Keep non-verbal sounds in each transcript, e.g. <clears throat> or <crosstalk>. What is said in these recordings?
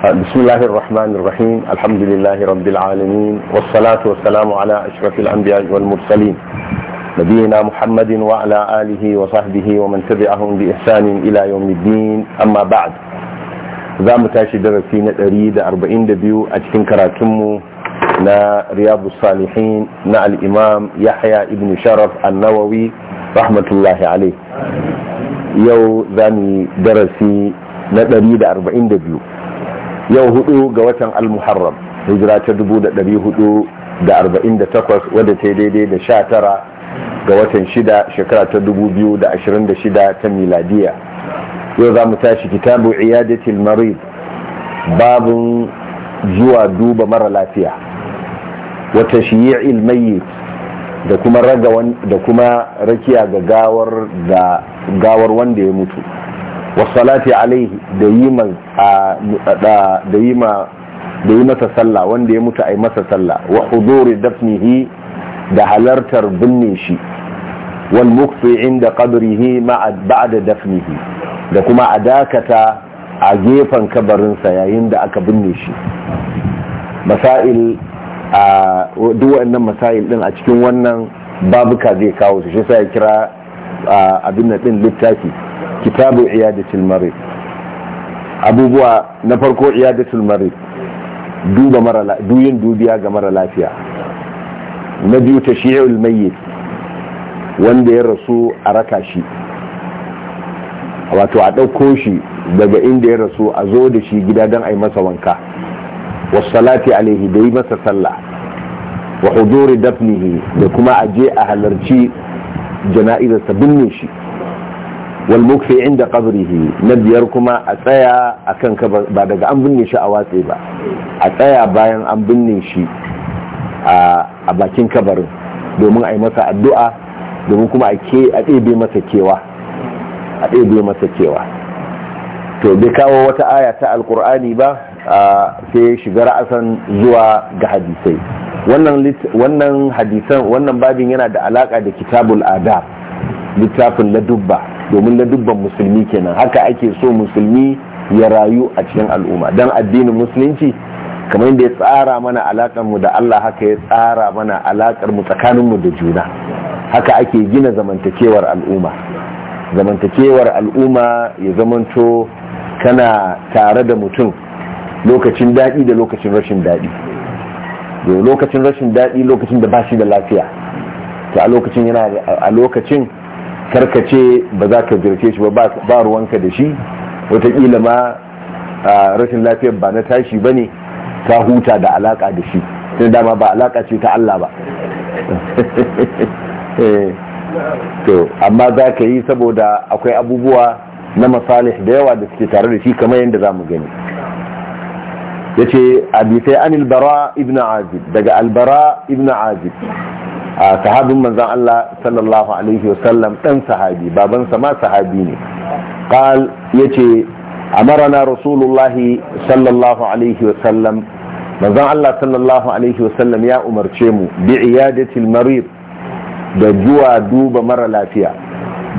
بسم الله الرحمن الرحيم الحمد لله رب العالمين والصلاة والسلام على أشرف الأنبياء والمرسلين نبينا محمد وعلى آله وصحبه ومن تبعهم بإحسان إلى يوم الدين أما بعد za mu أريد أربعين دبيو 142 a نا رياض الصالحين نا الإمام يحيى ابن شرف النووي رحمة الله عليه يو yau درسي نا أريد أربعين دبيو yau hudu ga watan al-muharram hijira ta 448 wadda ta daidai da sha tara ga watan shida shekara ta dubu biyu da da ashirin shida ta miladiya yau za mu tashi kitabu iyadatil marid babun zuwa duba mara lafiya wata shiyi mayyit da kuma da kuma rakiya ga da gawar wanda ya mutu wasalati alaihi da yi ma da yi masa sallah wanda ya mutu a yi masa sallah wa huduri dafnihi da halartar binne shi wal mukfi inda qabrihi ma ba'da dafnihi da kuma a dakata a gefen kabarinsa yayin da aka binne shi masail a duk waɗannan masail din a cikin wannan babuka zai kawo su shi sai ya kira abin na din littafi kitabu iyadatul marid abubuwa na farko iyadatul marid duba mara duyin dubiya ga mara lafiya na biyu tashi'ul mayyit wanda ya rasu a raka shi wato a ɗauko shi daga inda ya rasu a zo da shi gida don a yi masa wanka wasalati alaihi da yi masa sallah wa huduri dafnihi da kuma a je a halarci Jana'izar jana'izarsa binne shi wal mukfi inda qabrihi na biyar kuma a tsaya akan ba daga an binne shi a watse ba a tsaya bayan an binne shi a bakin kabarin domin a yi masa addu'a domin kuma a ke a ɗebe masa kewa a ɗebe masa kewa to bai kawo wata aya ta alkur'ani ba sai shiga ra'asan zuwa ga hadisai wannan hadisan wannan babin yana da alaka da kitabul adab littafin ladubba domin ladubban musulmi kenan haka ake so musulmi ya rayu a cikin al'umma don addinin musulunci kamar yadda ya tsara mana alakar mu da Allah haka ya tsara mana alakar mu tsakanin mu da juna haka ake gina zamantakewar al'umma zamantakewar al'umma ya zamanto kana tare da mutum lokacin daɗi da lokacin rashin daɗi yau lokacin rashin daɗi lokacin da ba shi da lafiya to a lokacin yana a lokacin karkace ba za ka jirke shi ba ba ruwanka da shi wataƙila ma a rashin lafiyar ba na tashi ba ne ta huta da alaƙa da shi sai dama ba alaƙa ce ta Allah ba <laughs> eh, to amma za ka yi saboda akwai abubuwa na masalih da yawa da suke tare da shi kamar yadda za mu gani yace abisai anil bara ibn azib daga albara ibn azib a sahabin manzan Allah sallallahu alaihi wasallam dan sahabi baban sa ma sahabi ne qal yace marana rasulullah sallallahu alaihi wasallam manzan Allah sallallahu alaihi wasallam ya umarce mu bi iyadatil marid da zuwa duba mara lafiya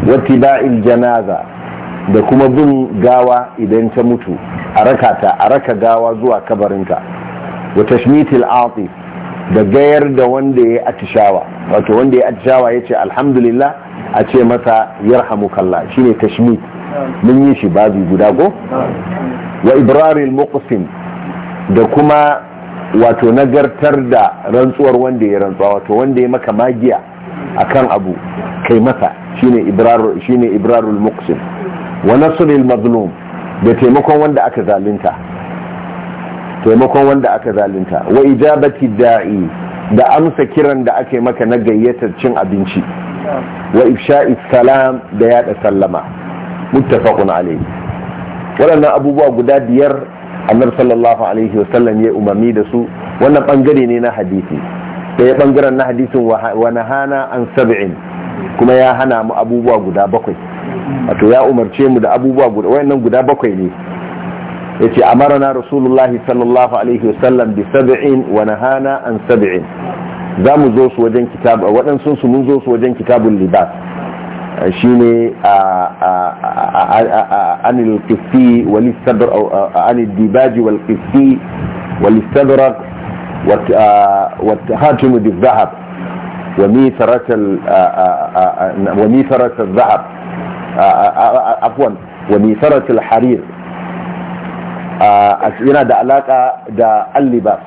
wa tiba'il janaza da kuma bin gawa idan ta mutu a raka ta a raka gawa zuwa kabarinta wa tashmitil atif da gayar da wanda ya atishawa wato wanda ya atishawa ya ce alhamdulillah a ce masa kalla shine tashmit mun yi shi babu guda ko wa Ibrahim muqsim da kuma wato nagartar da rantsuwar wanda ya rantsuwa wato wanda ya maka magiya akan abu kai masa shine ibrarul shine ibrarul muqsim wa nasrul mazlum da taimakon wanda aka zalunta taimakon wanda aka zalunta wa ijabati da'i da amsa kiran da ake maka na gayyatar cin abinci wa ifsha'i salam da yada sallama muttafaqun alayhi wannan abubuwa guda biyar annabi sallallahu alaihi wa sallam ya umarni da su wannan bangare ne na hadisi ya bangaren na hadisin wa nahana an sab'in kuma ya hana mu abubuwa guda bakwai wato ya umarce mu da abubuwa guda wayannan guda bakwai ne yace amarna rasulullahi sallallahu alaihi wasallam bi sab'in wa nahana an sab'in za mu zo su wajen kitab sun su mun zo su wajen kitabul libas shine anil qifi wal sadr anil dibaj wal qifi wal sadrak wa tahatim bil dhahab wa mithrat al wa mithrat al zahab afwan wa nisaratul harir yana da alaka da allibas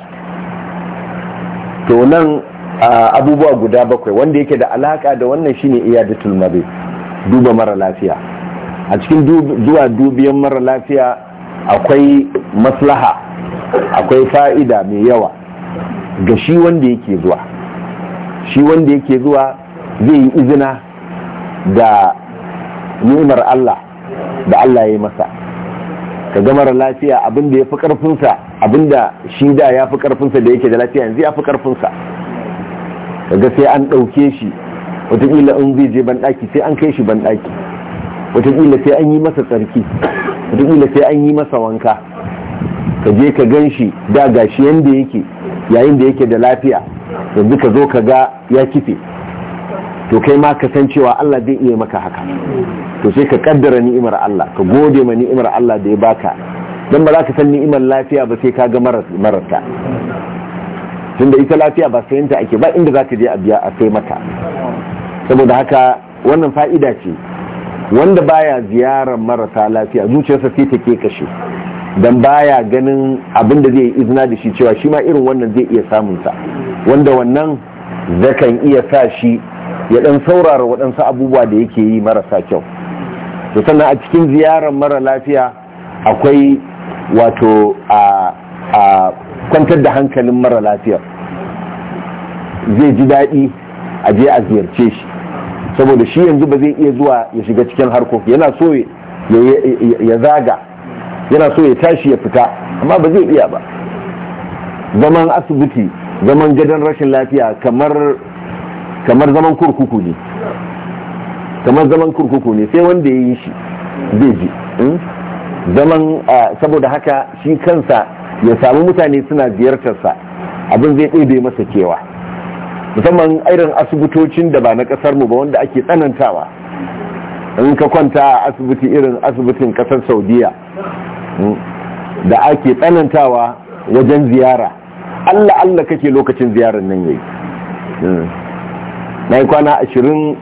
to nan abubuwa guda bakwai wanda yake da alaka da wannan shine iyadatul marid duba mara lafiya a cikin zuwa dubiyan mara lafiya akwai maslaha akwai fa'ida mai yawa ga shi wanda yake zuwa shi wanda yake zuwa zai yi izina da ni'imar Allah da Allah ya yi masa ka ga mara lafiya abin da ya fi karfinsa abin da shi da ya fi karfinsa da yake da lafiya yanzu ya fi karfinsa ka ga sai an ɗauke shi wataƙila in zai je banɗaki sai an kai shi banɗaki wataƙila sai an yi masa tsarki wataƙila sai an yi masa wanka ka je ka gan shi da gashi yanda yake yayin da yake da lafiya yanzu ka zo ka ga ya kife to kai ma ka san cewa Allah zai iya maka haka to sai ka kaddara ni'imar Allah ka gode ma ni'imar Allah da ya baka dan ba za ka san ni'imar lafiya ba sai ka ga Tun tunda ita lafiya ba ta ake ba inda za ka je a biya a sai mata saboda haka wannan fa'ida ce wanda baya ziyarar marasa lafiya zuciyarsa sai take kashe dan baya ganin abin da zai izna da shi cewa shi ma irin wannan zai iya samunsa wanda wannan zakan iya sa shi ya dan saurara waɗansu abubuwa da yake yi marasa kyau to sannan a cikin ziyarar mara lafiya akwai wato a a kwantar da hankalin mara lafiyar zai ji daɗi a je a ziyarce shi saboda shi yanzu ba zai iya zuwa ya shiga cikin harkoki yana so ya zaga yana so ya tashi ya fita amma ba zai iya ba zaman asibiti zaman gadon rashin lafiya kamar kamar zaman kurkuku ne kamar zaman kurkuku ne sai wanda ya yi shi zai ji hmm? zaman saboda haka shi kansa ya samu mutane suna ziyartarsa abin zai ɗebe masa kewa musamman irin asibitocin da ba na ƙasar mu ba wanda ake tsanantawa in ka kwanta a asibiti irin asibitin ƙasar saudiya hmm, da ake tsanantawa wajen ziyara allah allah kake lokacin ziyarar nan yayi hmm. na yi kwana ashirin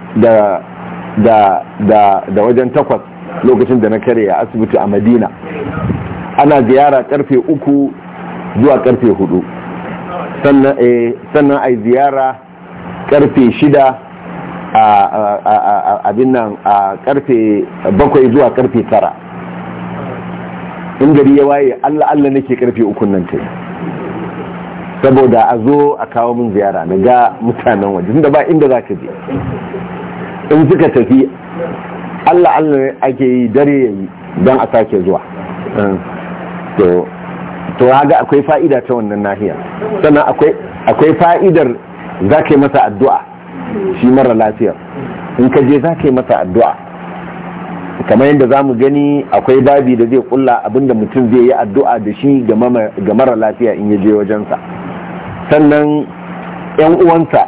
da wajen takwas lokacin da na kare a asibiti a madina ana ziyara karfe uku zuwa karfe hudu sannan eh, a yi ziyara karfe shida a abin nan a karfe bakwai zuwa karfe tara in gari ya waye allah allah nake karfe ukun nan kai. saboda a zo a kawo min ziyara na ga mutanen waje tunda ba inda za ka je in suka tafi allah allah ake yi dare ya yi don a sake zuwa to haga akwai fa'ida ta wannan nahiya sannan akwai fa'idar za ka yi masa addu'a shi mara lafiyar in ka je za ka yi masa addu'a kamar yadda za mu gani akwai babi da zai kulla abinda mutum zai yi addu'a da shi ga mara lafiya in ya je wajensa sannan yan uwansa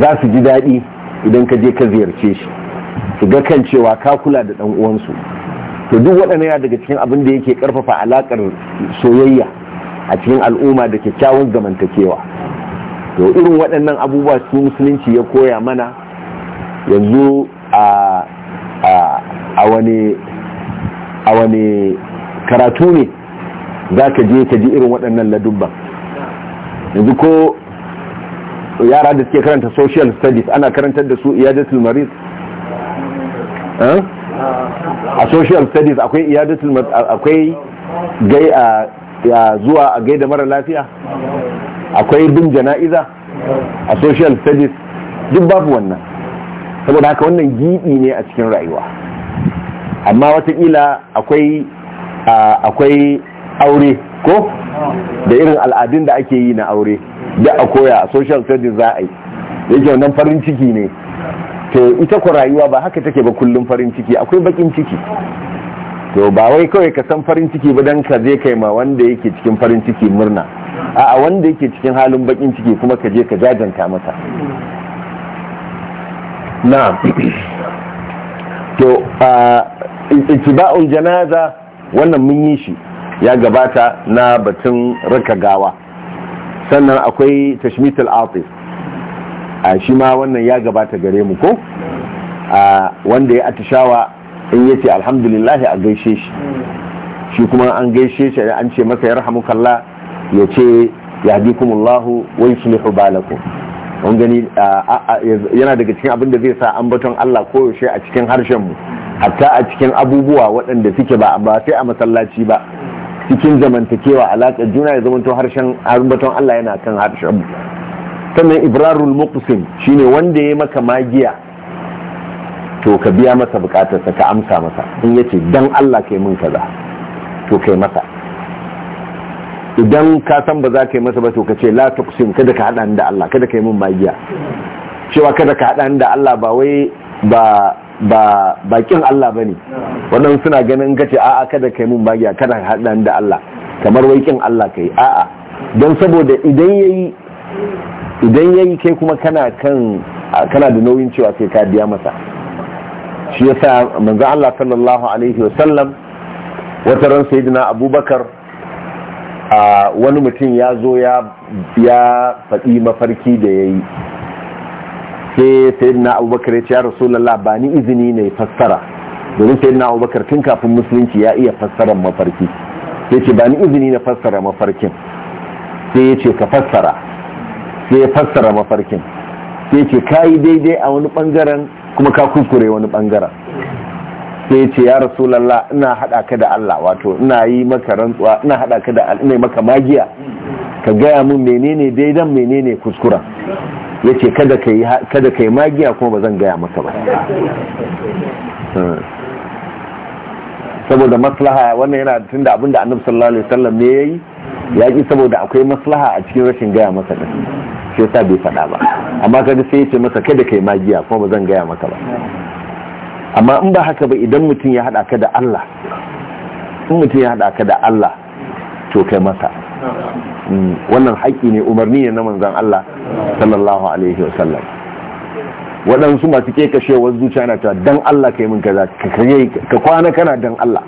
za su ji daɗi idan ka je ka ziyarce shi su ga kan cewa ka kula da ɗan uwansu to duk waɗanda yana daga cikin abin da yake ƙarfafa alaƙar soyayya a cikin al'umma da kyakkyawan zamantakewa to irin waɗannan abubuwa su musulunci ya koya mana yanzu a a wani karatu ne za ka je ka ji irin waɗannan ladubban yanzu ko yara da suke karanta social studies ana karantar da su iyadatul marid a social studies akwai iyadatul akwai gai a zuwa a gaida mara lafiya akwai bin jana'iza a social studies duk babu wannan saboda haka wannan gidi ne a cikin rayuwa amma watakila akwai akwai aure ko da irin al'adun da ake yi na aure da a koya a social studies za a yi yake wannan farin ciki ne to ita ku rayuwa ba haka take ba kullum farin ciki akwai bakin ciki to ba wai kawai ka san farin ciki ba dan ka je kai ma wanda yake cikin farin ciki murna a wanda yake cikin halin bakin ciki kuma ka je ka jajanta masa na to a itiba'ul janaza wannan mun yi shi ya gabata na batun raka gawa sannan akwai tashmitul atif a shi ma wannan ya gabata gare mu ko wanda ya atishawa in yace alhamdulillah a gaishe shi shi kuma an gaishe shi an ce masa ya yarhamukallah ya ce ya yahdikumullahu wa yuslihu balakum mun gani yana daga cikin abin da zai sa ambaton Allah koyaushe a cikin harshen mu hatta a cikin abubuwa waɗanda suke ba ba sai a masallaci ba cikin zamantakewa alaƙa juna ya zamanto harshen harbaton Allah yana kan harshen sannan ibrarul muqsim shine wanda ya maka magiya to ka biya masa bukatarsa ka amsa masa in yace dan Allah kai min kaza to kai masa idan ka san ba za ka yi masa ba to ka ce la tuqsim kada ka hada da Allah kada ka yi magiya cewa kada ka hada da Allah ba wai ba ba bakin Allah bane wannan suna ganin kace a'a kada kai mun magiya kada ni da Allah kamar waikin Allah kai a'a don saboda idan yayi idan yayi kai kuma kana kan kana da nauyin cewa sai ka biya masa shi yasa manzo Allah sallallahu alaihi wa sallam, wata ran sayyidina Abubakar wani mutum ya zo ya faɗi mafarki da yayi sai sayyidina abubakar ya ce ya rasulullah ba ni izini ne fassara domin sayyidina abubakar tun kafin musulunci ya iya fassara mafarki sai ce ba ni izini na fassara mafarkin sai ya ce ka fassara sai ya fassara mafarkin sai ce ka yi daidai a wani bangaren kuma ka kuskure wani bangaren sai ce ya rasulullah ina hada ka da Allah wato ina yi maka rantsuwa ina hada ka da ina maka magiya ka gaya mun menene daidan menene kuskuren ya ce kada ka yi magiya kuma ba zan gaya masa ba saboda maslaha wannan yana tun da abinda annabi sallallahu alaihi wasallam ne yayi ya ki saboda akwai maslaha a cikin rashin gaya masa din sai yasa bai faɗa ba amma kaga sai ya ce masa kada kai magiya kuma ba zan gaya maka ba amma in ba haka ba idan mutum ya hada ka da Allah in mutum ya hada ka da Allah to kai masa wannan haƙƙi ne umarni ne na manzan Allah sallallahu alaihi wa sallam waɗansu masu ke kashewar zuciya na cewa dan Allah ka yi min kaza ka kwana kana dan Allah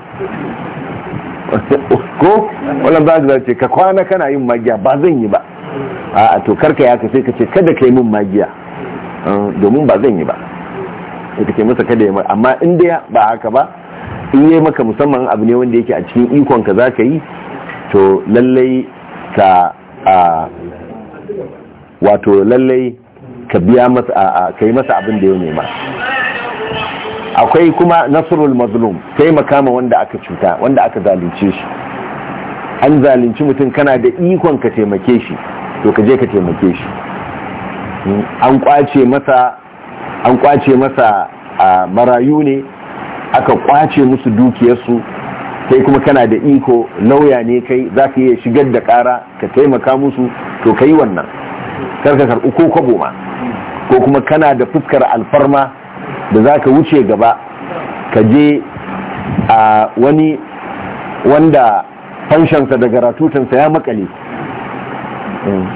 <laughs> ko wannan ba za ce ka kwana kana yin magiya ba zan yi ba a to karka ya sai ka ce kada yi min magiya domin ba zan yi ba sai ka ce masa kada ya amma in dai ba haka ba in yi maka musamman abu ne wanda yake a cikin ikon ka za ka yi to lallai ka a wato lallai ka biya masa yi masa abin da ya nema akwai kuma nasrul mazlum kai makama wanda aka cuta wanda aka zalunce shi an zalunci mutum kana da ikon ka taimake shi to ka je ka taimake shi an kwace masa an kwace masa marayu ne aka kwace musu dukiyarsu kai kuma kana da iko lauya ne kai za ka iya shigar da kara ka taimaka musu to ka yi wannan karka karɓi ko kwabo ma ko kuma kana da fuskar alfarma da za ka wuce gaba ka je a wani wanda fanshansa daga ratutansa ya makale mm.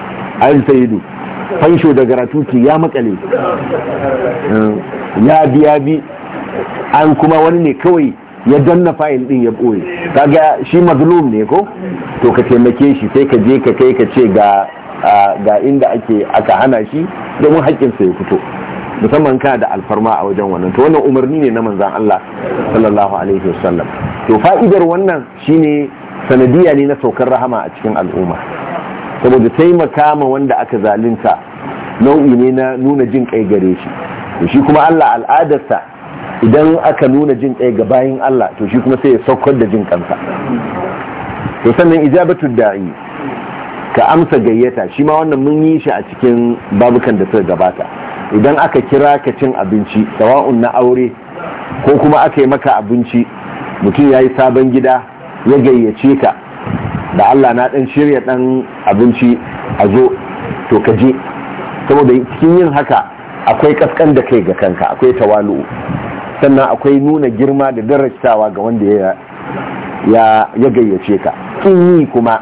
ayin sayidu fansho daga ratuti ya makale mm. ya biya bi an kuma wani ne kawai ya danna fayil din ya boye kaga shi mazlum ne ko to ka taimake shi sai ka je ka kai ka ce ga ga inda ake aka hana shi domin haƙƙinsa ya fito musamman kana da alfarma a wajen wannan to wannan umarni ne na manzan Allah sallallahu alaihi wasallam to fa'idar wannan shine sanadiya ne na saukar rahama a cikin al'umma saboda taimaka ma wanda aka zalunta nau'i ne na nuna jin kai gare shi shi kuma Allah al'adarsa idan aka nuna jin kai ga bayin Allah to shi kuma sai ya saukar da jin kansa to sannan ijabatu da'i ka amsa gayyata shi ma wannan mun yi shi a cikin babukan da suka gabata idan aka kira ka cin abinci sawa'un na aure ko kuma aka yi maka abinci mutum ya yi sabon gida ya gayyace ka da Allah na dan shirya dan abinci a zo to ka je saboda cikin yin haka akwai kaskan da kai ga kanka akwai tawalu sannan akwai nuna girma da darasawa ga wanda ya gayyace ka kin yi kuma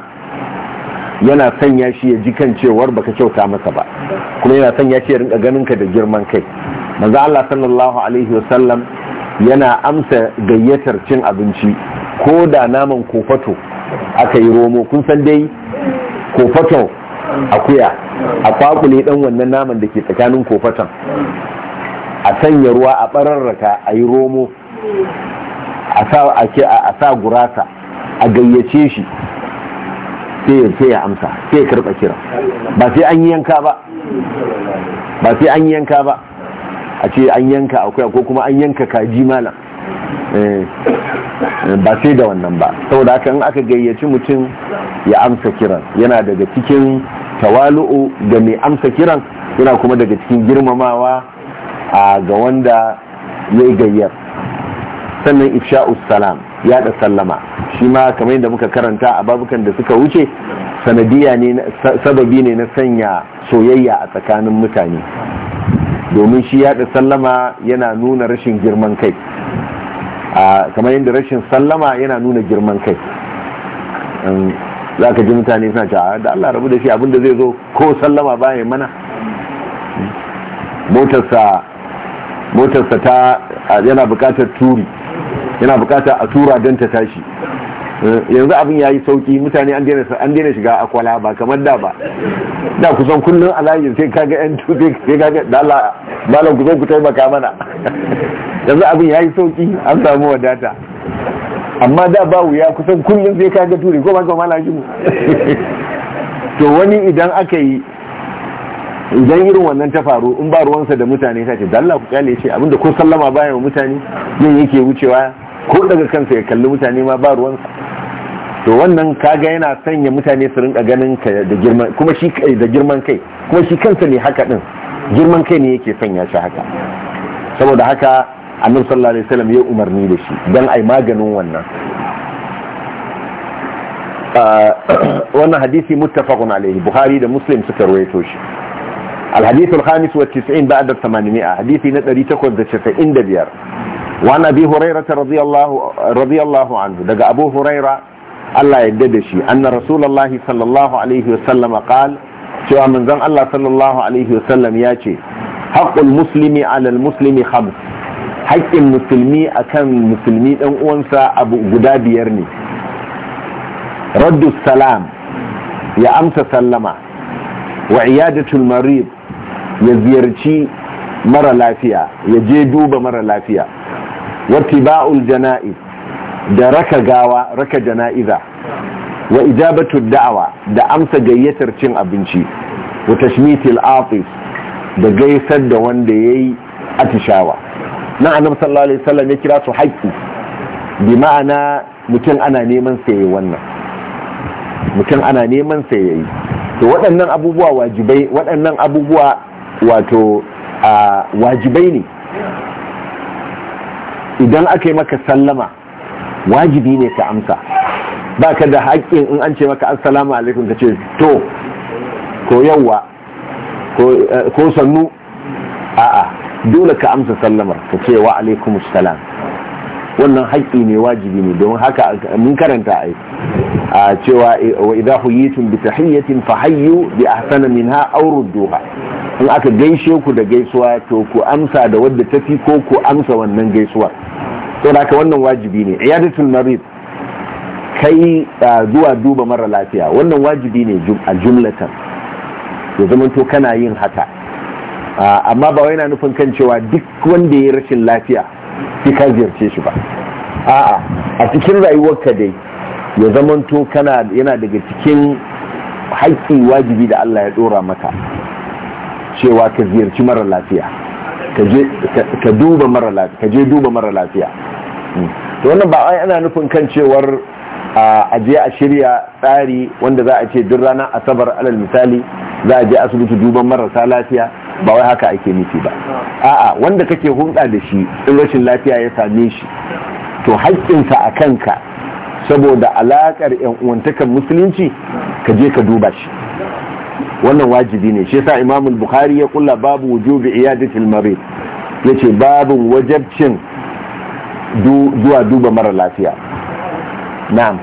yana sanya shi ya ji kan cewar baka kyauta masa ba kuma yana sanya shi ya rinka ganin ka da girman kai manzo Allah sallallahu alaihi wasallam yana amsa gayyatar cin abinci ko da naman kofato aka yi romo kun san dai kofato akuya a kwakule dan wannan naman da ke tsakanin kofatan a sanya ruwa a bararraka a yi romo a sa gurasa a gayyace shi sai ya amsa sai ya karɓa kira ba sai an yi yanka ba ba sai an yi yanka ba a ce an yanka akwai ko kuma an yanka kaji malam eh, ba sai da wannan ba saboda haka in aka gayyaci mutum ya amsa kiran yana daga cikin tawalu'u da mai amsa kiran yana kuma daga cikin girmamawa ga wanda ya yi gayyar sannan ifsha'us salam ya da sallama shi ma kamar yadda muka karanta a babukan da suka wuce sanadiya ne sababi ne na sanya soyayya a tsakanin mutane domin shi ya da sallama yana nuna rashin girman kai kamar yadda rashin sallama yana nuna girman kai za ka ji mutane suna cewa ah, da Allah rabu da shi abinda zai zo ko sallama baya mana motarsa motarsa ta yana bukatar turi yana bukatar a tura don ta tashi eh, yanzu abin ya yi sauki mutane an daina shiga akwala ba kamar da ba da kusan kullum a layin sai kaga yan tuɗe sai kaga da Allah malam kusan ku taimaka mana <laughs> yanzu abin ya yi sauki an samu wadata amma da ba wuya kusan kullum sai kaga turi ko ba ka malam mu <laughs> to wani idan aka yi idan irin wannan ta faru in ba ruwansa da mutane ta ce dalla ku kyale ce abinda ko sallama bayan mutane yin yake wucewa ko daga kansa ya kalli mutane ma ba ruwansa to wannan kaga yana sanya mutane su rinka ganin ka da girman kai kuma shi kansa ne haka din girman kai ne yake sanya shi haka saboda haka annabi sallallahu alaihi wasallam ya umarni da shi dan ai maganin wannan ah, <clears throat> wannan hadisi muttafaqun alaihi buhari da muslim suka rawaito shi الحديث الخامس والتسعين بعد الثمانمائة حديث نتري تكون تسعين دبير وعن أبي هريرة رضي الله, رضي الله عنه دقى أبو هريرة الله يددشي أن رسول الله صلى الله عليه وسلم قال شو من ذن الله صلى الله عليه وسلم ياتي حق المسلم على المسلم خمس حق المسلمي أكن المسلمي أن أنسى أبو قداب يرني رد السلام يا أمس سلمه وعيادة المريض ya ziyarci mara lafiya ya je duba mara lafiya baul jana'iz da raka gawa raka jana'iza wa ijabatu da'awa da amsa gayyatar cin abinci wa tashmitil afis da gaisar da wanda yayi atishawa na annabi sallallahu alaihi wasallam ya kira su haƙƙi bi ma'ana mutum ana neman sa wannan mutum ana neman sa yayi to waɗannan abubuwa wajibai waɗannan abubuwa wato wajibai ne idan aka yi maka sallama wajibi ne ka amsa ba ka da haƙƙin in an ce maka assalamu alaikum ka ce to ko yawwa eh, ko sannu a'a dole ka amsa sallamar ka ce wa alaikum salam wannan haƙƙi ne wajibi ne domin haka mun karanta ai a cewa eh, wa idza huyitum bi tahiyyatin fahayyu bi ahsana minha aw rudduha in aka gaishe ku da gaisuwa to ku amsa da wadda tafi ko ku amsa wannan gaisuwa to haka wannan wajibi ne iyadatul marid kai zuwa duba mara lafiya wannan wajibi ne a jumlatan ya zama to kana yin haka amma ba wai yana nufin kan cewa duk wanda ya rashin lafiya Ki ka ziyarce shi ba a'a a cikin rayuwar ka dai ya zamanto kana yana daga cikin haƙƙi wajibi da Allah ya dora maka cewa ka ziyarci mara lafiya ka duba mara lafiya ka je duba mara lafiya hmm. to wannan ba ai ana nufin kan cewar a je a shirya tsari wanda za a ce duk ranar asabar alal misali za a je asibiti duban marasa lafiya ba wai haka ake nufi ba a'a wanda kake hulɗa da shi in rashin lafiya ya same shi to haƙƙinsa a kanka saboda alaƙar yan uwantakan musulunci ka je ka duba shi wannan wajibi ne shi yasa Imam Bukhari ya kulla babu wujubi iyadati al-marid yace babu wajabcin zuwa duba mara lafiya na'am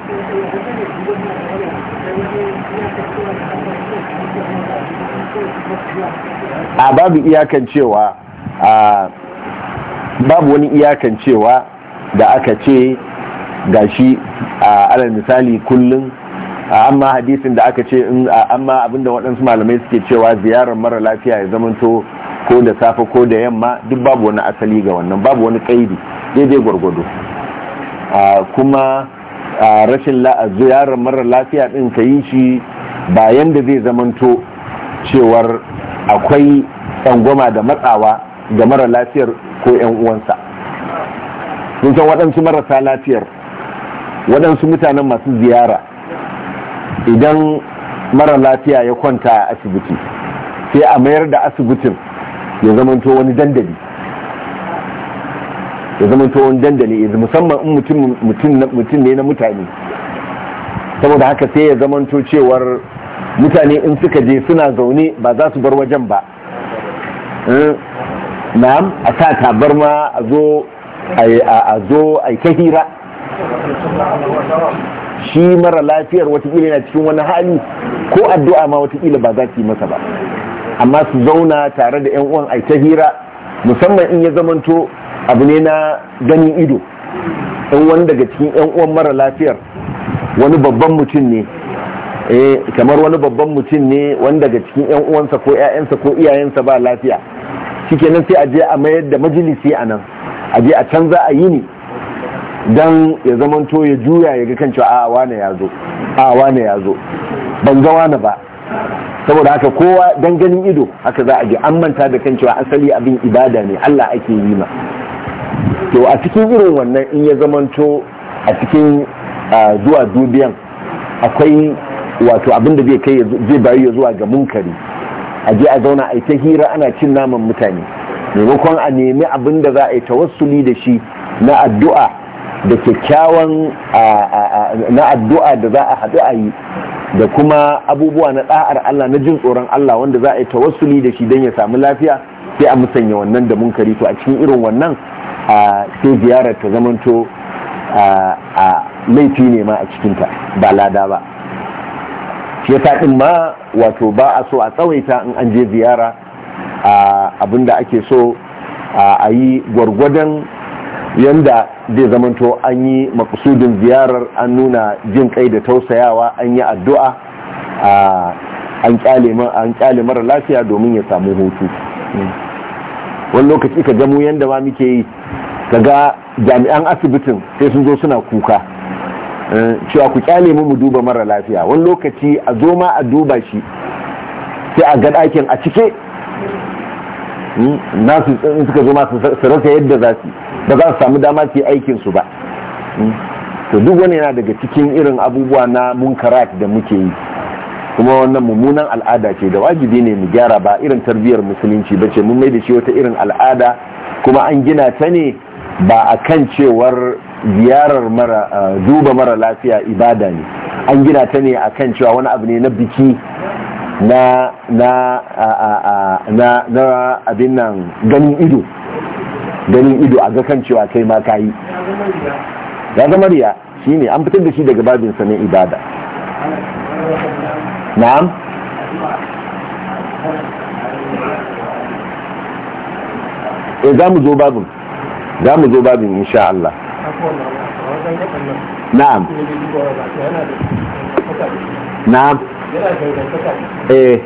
a babu iyakan cewa a babu wani iyakan cewa da aka ce shi a alal misali kullum amma hadisin da aka ce amma abinda waɗansu malamai suke cewa ziyarar mara lafiya ya zamanto ko da safe ko da yamma duk babu wani asali ga wannan babu wani ƙaidi daidai gwargwado kuma rashin ziyarar mara lafiya ɗin ka yi shi ba yanda zai zamanto cewar akwai tsangwama da matsawa ga mara lafiyar ko 'yan uwansa sun san waɗansu marasa lafiyar waɗansu mutanen masu ziyara idan mara lafiya ya kwanta a asibiti sai a mayar da asibitin ya zamanto wani dandali ya zamanto wani dandali musamman in mutum ne na mutane saboda haka sai ya zamanto cewar mutane in suka je suna zaune ba za su bar wajen ba eh, na'am a sa tabarma a zo a zo a ta shi mara lafiyar watakila yana cikin wani hali ko addu'a ma watakila ba za ki masa ba amma su zauna tare da 'yan uwan a ta hira musamman in ya zamanto abu ne na ganin ido in wani daga cikin 'yan uwan mara lafiyar wani babban mutum ne eh kamar wani babban mutum ne wanda daga cikin yan uwansa ko yayansa ko iyayensa ba lafiya shikenan sai a je a mayar da majalisi a nan a je a canza a yi ni dan ya zamanto ya juya ya ga kan cewa a wane ya zo a wane ya zo ban ga wane ba saboda haka kowa dan ganin ido haka za a je, an manta da kan cewa asali abin ibada ne Allah ake yi ma to a cikin irin wannan in ya zamanto a cikin ah, zuwa dubiyan akwai wato abinda zai kai zai bayu ya zuwa ga munkari a je a zauna a ta hira ana cin naman mutane maimakon a nemi abin da za a yi tawassuli da shi na addu'a da kyakkyawan na addu'a da za a haɗu a yi da kuma abubuwa na ɗa'ar Allah na jin tsoron Allah wanda za a yi tawassuli da shi don ya samu lafiya sai a musanya wannan da munkari to a cikin irin wannan sai ziyarar ta zamanto laifi ne ma a cikinta ba lada ba shi yasa din ma wato ba a so a tsawaita in an je ziyara abinda ake so a yi gwargwadon yanda zai zamanto an yi makusudin ziyarar an nuna jin kai da tausayawa an yi addu'a an kyale mara lafiya domin ya samu hutu wani lokaci ka gamu yadda ma muke yi ga jami'an asibitin sai sun zo suna kuka Eh, cewa ku kyale mu mu duba mara lafiya wani lokaci a zo ma a duba shi sai a ga ɗakin a cike hmm? nasu in suka zo ma su rasa yadda za su ba za su samu dama su yi aikin su ba hmm? to duk wani yana daga cikin irin abubuwa na munkarat da muke yi kuma wannan mummunan al'ada ce da wajibi ne mu gyara ba irin tarbiyyar musulunci ba ce mun mai da shi wata irin al'ada kuma an gina ta ne ba a kan cewar ziyarar mara duba mara lafiya ibada ne an gina ta ne akan cewa wani abu ne na biki na na na na abin nan ganin ido ganin ido a ga kan cewa kai ma kayi ya zama shi shine an fitar da shi daga babin sa ibada na'am eh za mu zo babin za mu zo babin insha Allah na'am na'am eh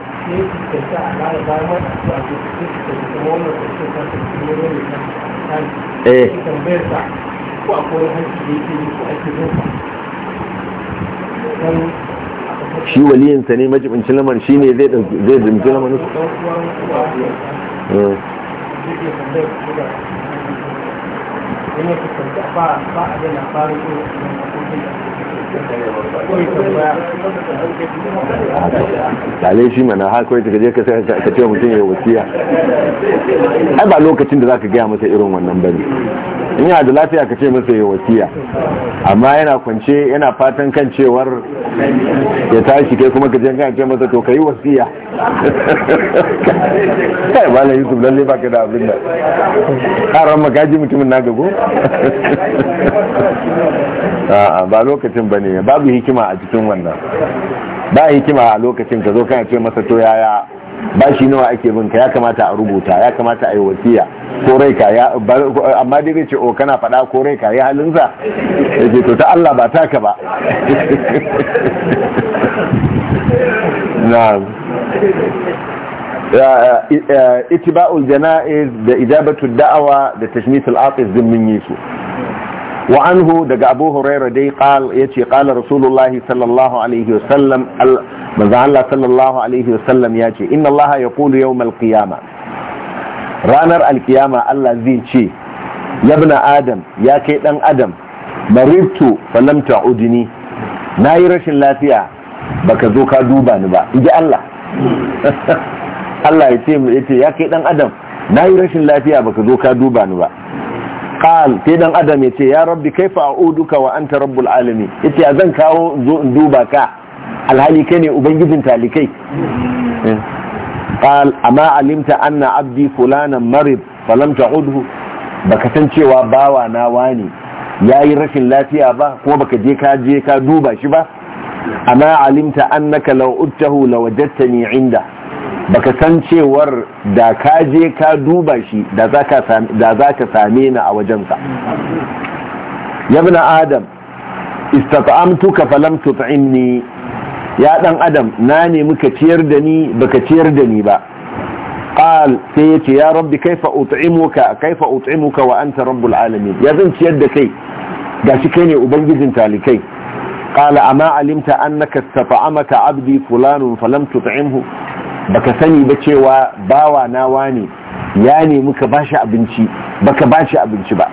eh shi waliyinsa ne majibincin lamarin shi ne zai zai zimci lamarin su eh. yana fuskanci ba ne daina farin ko tale shi mana har kawai ka je ka sai ka ce mutum ya wasiya ai ba lokacin da zaka gaya masa irin wannan bane in yana da lafiya ka ce masa ya wasiya amma yana kwance yana fatan kan cewar ya tashi kai kuma ka je ka ce masa to kai wasiya kai ba la yusuf lalle ba ka da abin da karan magaji mutumin na gago a'a ba lokacin ba ne babu hikima a cikin wannan ba hikima a lokacin ka zo kana ce masa to yaya ba shi nawa ake bin ka ya kamata a rubuta ya kamata a yi wasiya ko rai ka ya amma dai zai ce o oh, kana faɗa ko rai ka ya halinsa ya ce to ta Allah ba taka ba <laughs> na'am itiba'ul jana'iz da ijabatu da'awa da tashmitul aqis din mun yi su wa anhu daga abu huraira dai qal yace qala rasulullahi sallallahu alaihi wasallam manzo Allah sallallahu alaihi wasallam yace inna Allah yaqulu yawmal qiyama ranar alkiyama Allah zai ce yabna adam ya kai dan adam maridtu falam ta'udni nayi rashin lafiya baka zo ka duba ni ba inji Allah <laughs> Allah ya ce ya kai dan adam nayi rashin lafiya baka zo ka duba ni ba qal sai dan adam yace ya rabbi kaifa a'uduka wa anta rabbul alamin yace a zan kawo zo in duba ka alhali kane ubangijin talikai eh. qal amma alimta anna abdi fulanan marid falam ta'udhu baka san cewa bawa na wani yayi rashin lafiya ba kuma baka je ka je ka duba shi ba amma alimta annaka law uttahu lawajadtani inda baka san cewar da ka je ka duba shi da za ka same ni a wajensa yabna adam istata'amtuka falam tut'imni ya dan adam na nemi ka ciyar da ni baka ciyar da ni ba qal sai ce ya rabbi kaifa ut'imuka kaifa ut'imuka wa anta rabbul alamin ya zan ciyar da kai gashi kai ne ubangijin talikai qala amma alimta annaka istata'amaka abdi fulanun falam tut'imhu baka sani ba cewa bawa nawa ne, ya nemi ka bashi abinci baka bashi abinci ba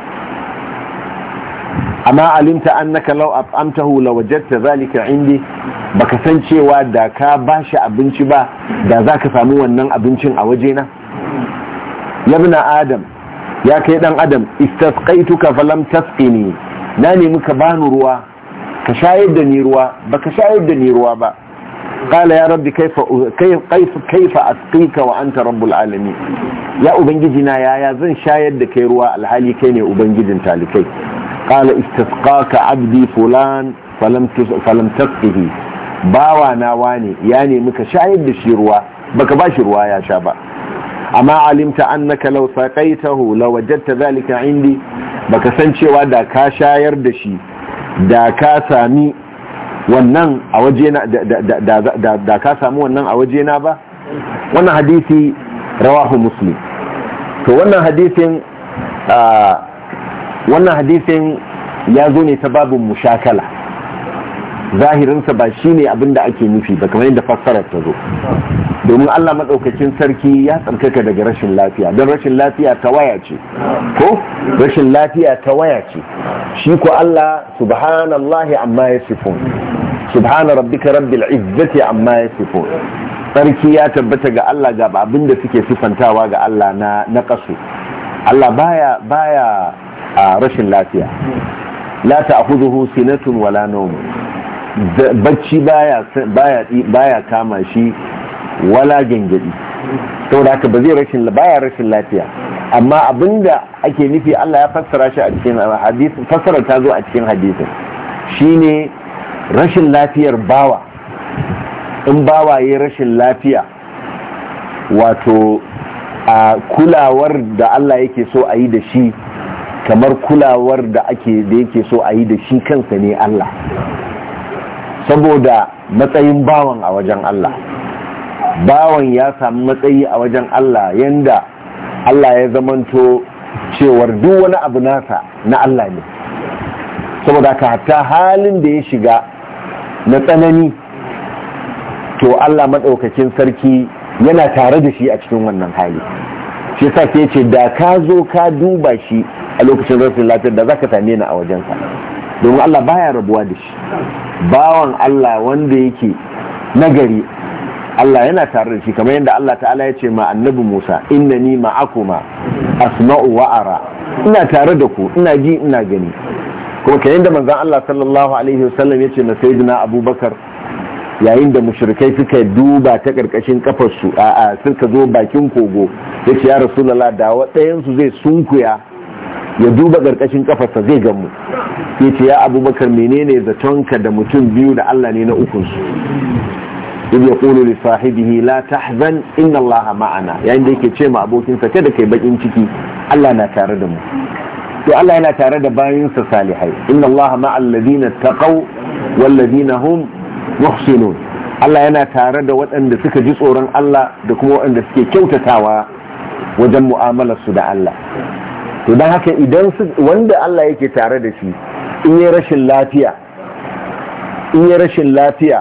amma alimta annaka law at'amtahu lawajadta zalika indi baka san cewa da ka bashi abinci ba da zaka sami wannan abincin a waje na? yabna adam ya kai dan adam istasqaituka falam tasqini na nemi ka bani ruwa ka shayar da ni ruwa baka shayar da ni ruwa ba qala ya rabbi kaifa kaifa kaifa asqika wa anta rabbul ya ubangiji na yaya zan shayar da kai ruwa alhali kai ne ubangijin talikai qala istasqaka abdi fulan falam bawa nawa wane ya nemi ka shayar da shi ruwa baka ba shi ruwa ya sha ba amma alimta annaka hula saqaitahu law wajadta dhalika indi baka san cewa da ka shayar da shi da ka sami wannan a waje na da ka samu wannan a waje na ba wannan hadisi rawahu muslim to wannan hadisin ah, wannan hadisin ya zo ne ta babin mushakala zahirinsa ba shi ne abinda ake nufi ba kamar yadda fassarar ta zo domin Allah maɗaukacin sarki ya tsarkaka daga rashin lafiya don rashin lafiya ta waya ce ko rashin lafiya ta waya ce shi ko Allah subhanallahi amma ya sifo subhanar rabbika rabbil izzati amma ya sifo. sarki ya tabbata ga Allah ga abin da suke sifantawa ga Allah na na Allah baya baya a rashin lafiya la ta'khudhuhu sinatun wala nawm bacci baya kama shi wala gangadi da haka ba zai rashin baya rashin lafiya amma abinda ake nufi Allah ya fassara shi a cikin hadisi fassara ta zo a cikin Shi ne rashin lafiyar bawa in bawa ya rashin lafiya wato a kulawar da Allah yake so a yi da shi kamar kulawar da ake da yake so a yi da shi kansa ne Allah saboda matsayin bawan a wajen Allah bawan ya sami matsayi a wajen Allah yanda Allah ya zamanto cewar duk wani abu nasa na Allah ne saboda ka hatta halin da ya shiga na tsanani to Allah maɗaukakin sarki yana tare da shi a cikin wannan hali shi sa sai ce da ka zo ka duba shi a lokacin rasu lafiyar da za ka same ni a wajensa domin Allah baya rabuwa da shi bawan Allah wanda yake nagari Allah yana tare da shi kamar yadda Allah ta'ala ya ce ma annabi Musa innani ma'akuma asma'u wa ara ina tare da ku ina ji ina gani kuma kan yadda manzon Allah sallallahu alaihi wasallam ya ce na sayyidina Abubakar yayin da mushrikai suka duba ta karkashin kafar su a suka zo bakin kogo yace ya rasulullah da wa su zai sunkuya ya duba ƙarƙashin ƙafarsa zai gamu ya ce ya abubakar menene zatonka da mutum biyu da Allah ne na ukunsu in ya ƙulu li sahibihi la tahzan inna Allah ma'ana yayin da yake ce ma abokinsa kada kai bakin ciki Allah na tare da mu to Allah yana tare da bayinsa salihai inna Allah ma'al ladina taqaw wal ladina hum muhsinun Allah yana tare da waɗanda suka ji tsoron Allah da kuma waɗanda suke kyautatawa wajen mu'amalarsu da Allah to don haka idan wanda Allah yake tare da shi in yi rashin lafiya in yi rashin lafiya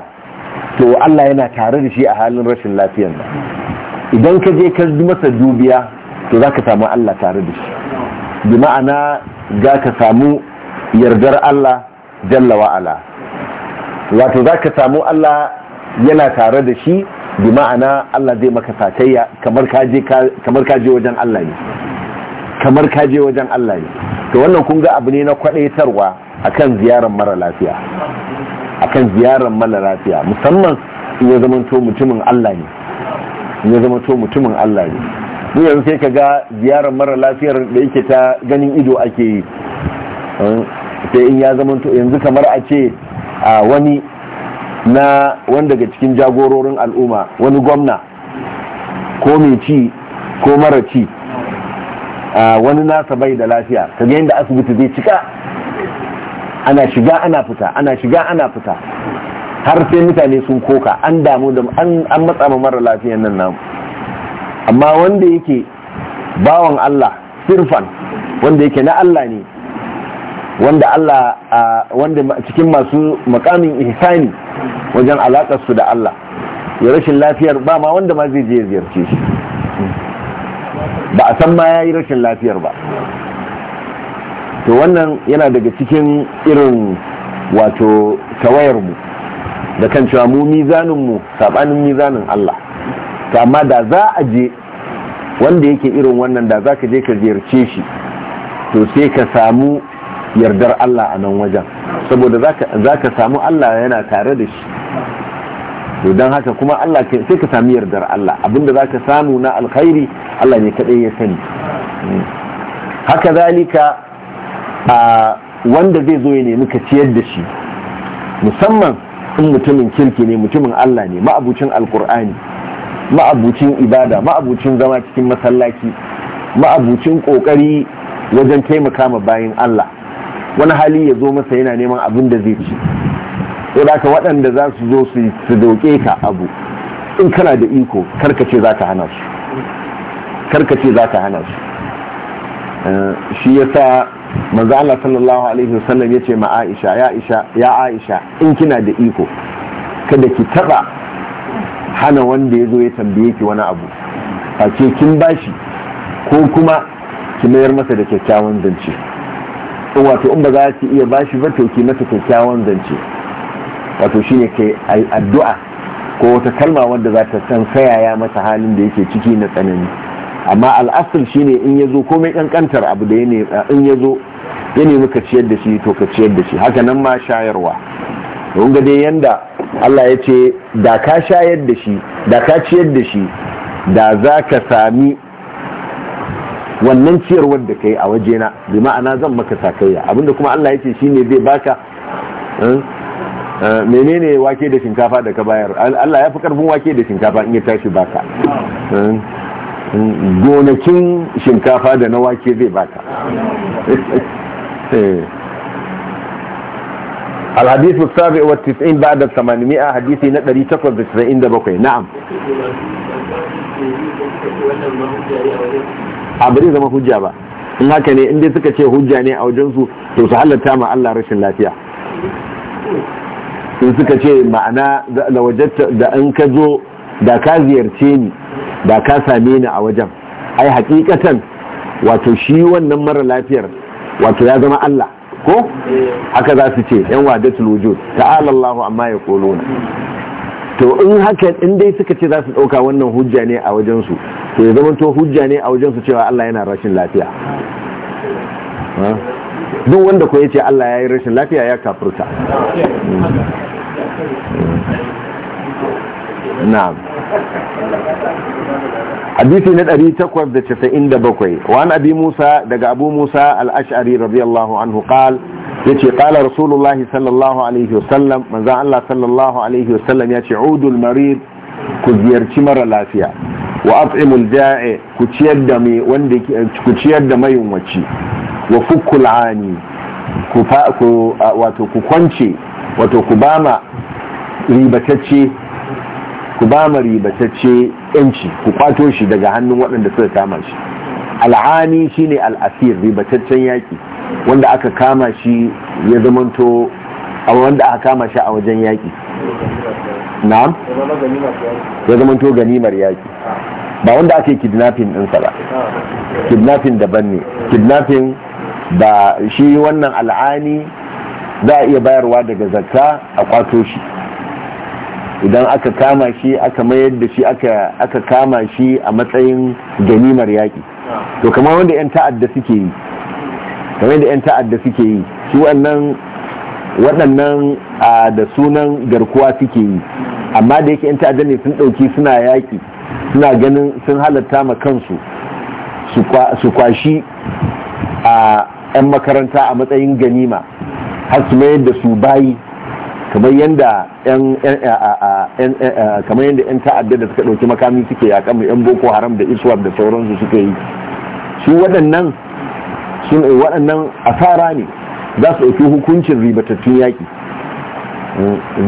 to Allah yana tare da shi a halin rashin lafiyan idan ka je ka masa dubiya to za ka samu Allah tare da shi bi ma'ana za ka samu yardar Allah jalla wa'ala wato za ka samu Allah yana tare da shi bi ma'ana Allah zai maka satayya kamar ka je wajen Allah ne kamar ka je wajen Allah ne to wannan kun ga abu ne na kwadaitarwa akan ziyaran mara lafiya akan ziyaran mara lafiya musamman in ya zama to mutumin Allah ne in ya zama to mutumin Allah ne ni yanzu sai ka ga ziyarar mara lafiyar da yake ta ganin ido ake yi hmm? sai in ya zama to yanzu kamar a ce a wani na wanda daga cikin jagororin al'umma wani gwamna ko mai ci ko mara ci wani nasa bai da lafiya ta gani da asibiti zai cika ana shiga ana fita ana shiga ana fita har sai mutane sun koka an damu da an matsa ma mara lafiyan nan namu amma wanda yake bawan Allah sirfan wanda yake na Allah ne wanda Allah wanda cikin masu makamin ihsani wajen alakarsu da Allah ya rashin lafiyar ba ma wanda ma zai je ziyarce shi ba a san ma ya yi rashin lafiyar ba to wannan yana daga cikin irin wato mu da kan cewa mu mizaninmu saɓanin mizanin Allah amma da za a je wanda yake irin wannan da za ka je ka ziyarce shi to sai ka samu yardar Allah a nan wajen saboda za ka samu Allah yana tare da shi to don haka kuma Allah sai ka sami yardar Allah abinda za ka samu na alkhairi Allah ne kaɗai ya sani hmm. haka zalika a wanda zai zo ya nemi ka ciyar da shi musamman in mutumin kirki ne mutumin Allah ne ma'abucin alkur'ani ma'abucin ibada ma'abucin zama cikin masallaci ma'abucin kokari wajen taimaka ma bayan Allah wani hali ya zo masa yana neman abin da zai ci to ka waɗanda za su zo su doke ka abu in kana da iko karkace za ka hana su karkace za ka hana su eh, shi ya sa manzo Allah sallallahu alaihi wasallam ya ce ma Aisha ya Aisha ya Aisha in kina da iko kada ki taba hana wanda ya zo ya tambaye ki wani abu a ce kin bashi ko kuma ki mayar masa da kyakkyawan zance wato in ba za ki iya bashi ba to ki masa kyakkyawan zance wato shine kai addu'a ko wata kalma wanda za ta san sayaya masa halin da yake ciki na tsanani amma al'asir shine in ya zo komai kankantar abu da in ya zo ya nemi ka ciyar da shi to ka ciyar da shi haka nan ma shayarwa don ga dai yanda Allah ya ce da ka shayar da shi da ka ciyar da shi da za ka sami wannan ciyarwar da kai a waje na, bi ma'ana zan maka sakayya abinda kuma Allah ya ce shine zai baka hmm, Eh, menene wake da shinkafa da ka bayar Allah ya fi karfin wake da shinkafa in ya tashi baka eh, gonakin shinkafa da na wake zai baka <laughs> eh. wa السابع ba da samanimi a hadisi na 897 Na'am. A bari zama hujja ba in haka ne inda suka ce hujja ne a wajensu to su halatta ma Allah rashin lafiya sai suka ce ma'ana da wajatta da in ka zo da ka ziyarce ni da ka same ni a wajen ai hakikatan wato shi wannan mara lafiyar wato ya zama Allah ko haka za su ce yan wadatul wujud ta'ala Allahu amma ya yaquluna to in haka in dai suka ce za su dauka wannan hujja ne a wajen su to ya zama to hujja ne a wajen su cewa Allah yana rashin lafiya duk wanda ko yace Allah ya yi rashin lafiya ya kafirta na'am hadisi na 897 wa an abi Musa daga Abu Musa al-Ash'ari radiyallahu anhu qal yace qala rasulullahi sallallahu alaihi wasallam manzo Allah sallallahu alaihi wasallam yace udul marid ku ziyarci mara lafiya wa at'imul da'i ku ciyar da mai wanda ku ciyar da mayunwaci wa fukul ani ku wato ku kwance wato ku ma ribatacce ku ma ribatacce yanci ku kwato shi daga hannun waɗanda suka kama shi al'ani shine al'asir ribataccen yaki wanda aka kama shi ya zamanto a wanda aka kama shi a wajen yaki na'am ya zamanto ganimar yaki ba wanda ake kidnapping ɗinsa ba kidnapping daban ne kidnapping ba shi wannan al'ani za a iya bayarwa daga zakka a kwato shi idan aka kama shi aka mayar da shi aka kama shi a matsayin ganimar yaƙi to kamar wanda 'yan ta'adda suke yi kamar yadda 'yan ta'adda suke yi shi wannan waɗannan da sunan garkuwa suke yi amma da yake 'yan ta'adda ne sun ɗauki suna yaƙi suna ganin sun halatta ma kansu su kwashi a 'yan makaranta a matsayin ganima har su mayar da su bayi kamar yadda 'yan ta'adda da suka ɗauki makami suke yakan mu 'yan boko haram da iswar da sauransu suka yi su waɗannan waɗannan asara ne za su ɗauki hukuncin ribatattun yaƙi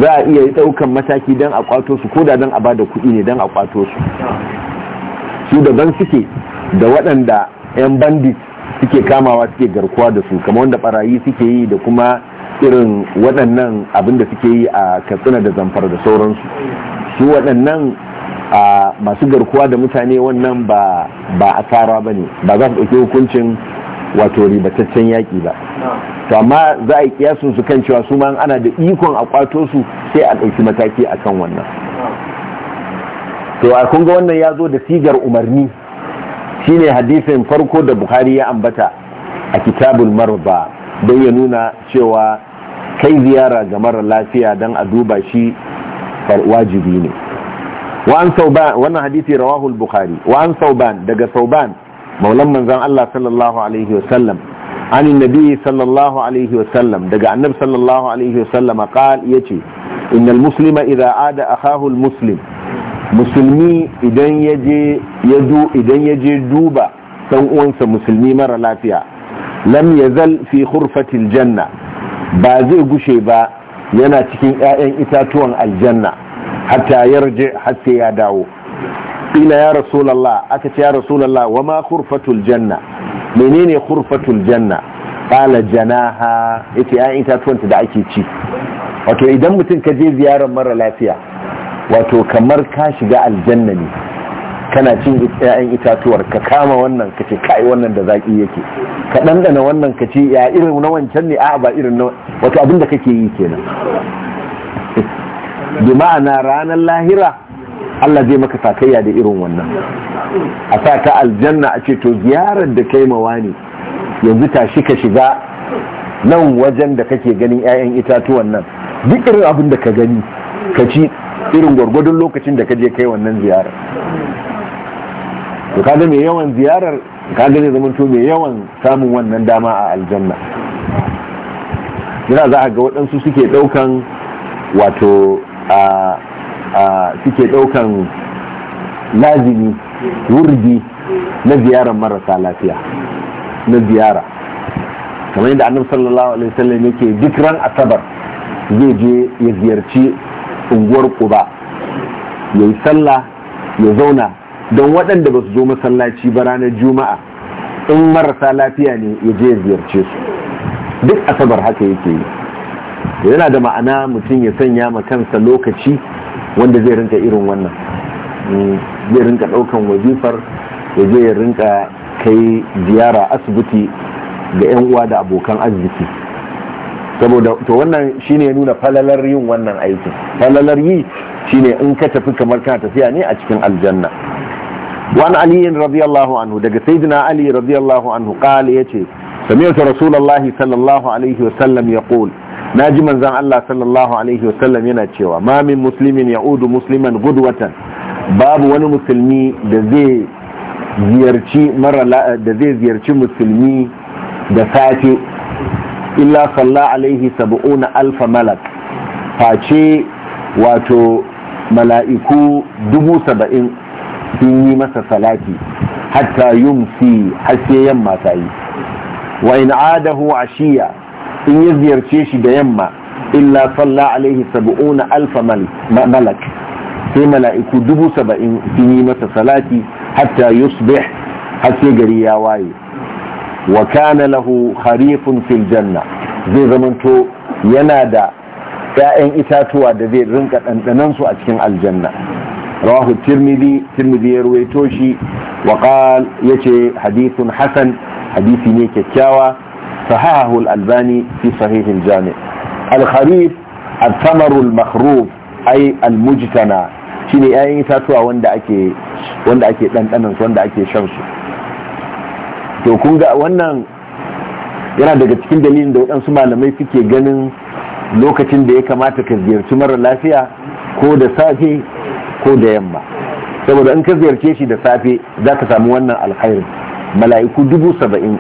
za a iya ɗaukan mataki don a kwato su ko da don a ba da kuɗi ne don a kwato su su daban suke da waɗanda 'yan bandit suke kamawa suke garkuwa da su kamar wanda barayi suke yi da kuma irin waɗannan abinda suke yi a katsina da zamfara da sauransu su waɗannan a masu garkuwa da mutane wannan ba a kara ba ne ba za su ɗauki hukuncin wato ribataccen yaƙi ba to amma za a yi kiyasun su kan cewa su ma ana da ikon a kwato su sai a ɗauki mataki akan wannan to a kun ga wannan ya zo da sigar umarni shine hadisin farko da buhari ya ambata a kitabul marba don ya nuna cewa kai ziyara ga mara lafiya don a duba shi wajibi ne sauban wannan hadisi rawahul bukhari wa'an sauban daga sauban maulan manzan allah sallallahu alaihi wasallam عن النبي صلى الله عليه وسلم دقى النبي صلى الله عليه وسلم musulmi idan ya je duba dan uwansa musulmi mara lafiya lam ya zalfi hurfatul janna ba zai gushe ba yana cikin 'ya'yan itatuwan aljanna hatta yarje hatta ya dawo ila ya rasulallah aka ce ya rasulallah wa ma hurfatul janna menene hurfatul janna qala janaha yace ya itatuwanta da ake ci wato idan mutum ka je ziyarar mara lafiya wato kamar ka shiga aljanna ne kana cin ƴaƴan itatuwar ka kama wannan ka ce kai wannan da zaki yake ka ɗanɗana wannan ka ce ya irin na wancan ne a'a ba irin na wato abin da kake yi kenan <laughs> bi ma'ana ranar lahira Allah zai maka sakayya da irin wannan a sa ta aljanna a ce to ziyarar da kai mawa ne yanzu tashi ka shiga nan wajen da kake ganin 'ya'yan itatuwan nan duk irin abin da ka gani ka ci irin gwargwadon lokacin da ka je kai wannan ziyarar to kaga mai yawan ziyarar ka zai zama to mai yawan samun wannan dama a aljanna yana za a ga waɗansu suke ɗaukan wato suke ɗaukan lazimi wurdi na ziyarar marasa lafiya na ziyara kamar yadda annabi sallallahu alaihi wasallam yake duk ran asabar zai je ya ziyarci unguwar kuba ya yi sallah ya zauna don waɗanda ba su zo masallaci ba ranar juma'a in marasa lafiya ne ya je ya ziyarce su duk asabar haka yake yi yana da ma'ana mutum ya sanya ma kansa lokaci wanda zai rinka irin wannan mm, zai rinka daukan wazifar ya zai ya rinka kai ziyara asibiti ga 'yan uwa da abokan arziki saboda to wannan shine ya nuna falalar yin wannan aikin falalar yi shine in ka tafi kamar kana tafiya ne a cikin aljanna wani aliyin radiyallahu anhu daga sayyidina ali radiyallahu anhu الله ya قال يتي سمعت رسول الله صلى na ji manzan Allah sallallahu alaihi wasallam yana cewa ma min muslimin ya'udu musliman gudwatan babu wani musulmi da zai ziyarci da zai ziyarci musulmi da safe illa salla alaihi sab'una alfa malak face wato mala'iku dubu saba'in sun yi masa salati hatta yumsi har yamma ta yi wa in adahu ashiya in ya ziyarce shi da yamma illa salla alaihi sab'una alfa malak sai mala'iku dubu saba'in sun yi masa salati hatta yusbih har sai gari ya waye wa kana lahu kharifun fil janna zai zamanto yana da ‘ya'yan itatuwa da zai rinka ɗanɗanansu a cikin aljanna rawahu tirmidhi tirmidhi ya shi wa qal yace hadithun hasan hadisi ne kyakkyawa صححه الألباني في صحيح الجامع الخريف الثمر المخروف أي المجتمع shine ‘ya'yan itatuwa wanda ake wanda ake ɗanɗanansu wanda ake shansu to kun ga wannan yana daga cikin dalilin da waɗansu malamai suke ganin lokacin da ya kamata ka ziyarci mara lafiya ko da safe ko da yamma saboda in ka ziyarce shi da safe za ka samu wannan alkhairin mala'iku dubu saba'in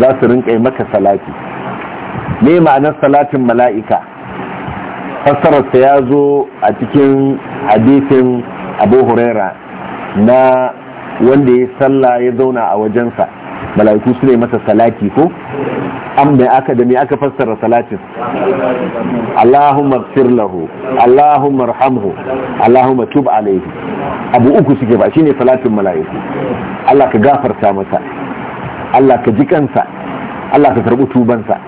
za su rinka yi maka salati me ma'anar salatin mala'ika fassararsa ya zo a cikin hadisin abu huraira na wanda ya salla ya zauna a wajensa mala'iku su ne masa salati ko an mai aka da ni aka fassara salatin allahumma fir lahu allahumma arhamhu allahumma tub alayhi abu uku suke ba shine salatin mala'iku Allah ka gafarta masa Allah ka ji kansa Allah ka karɓi tubansa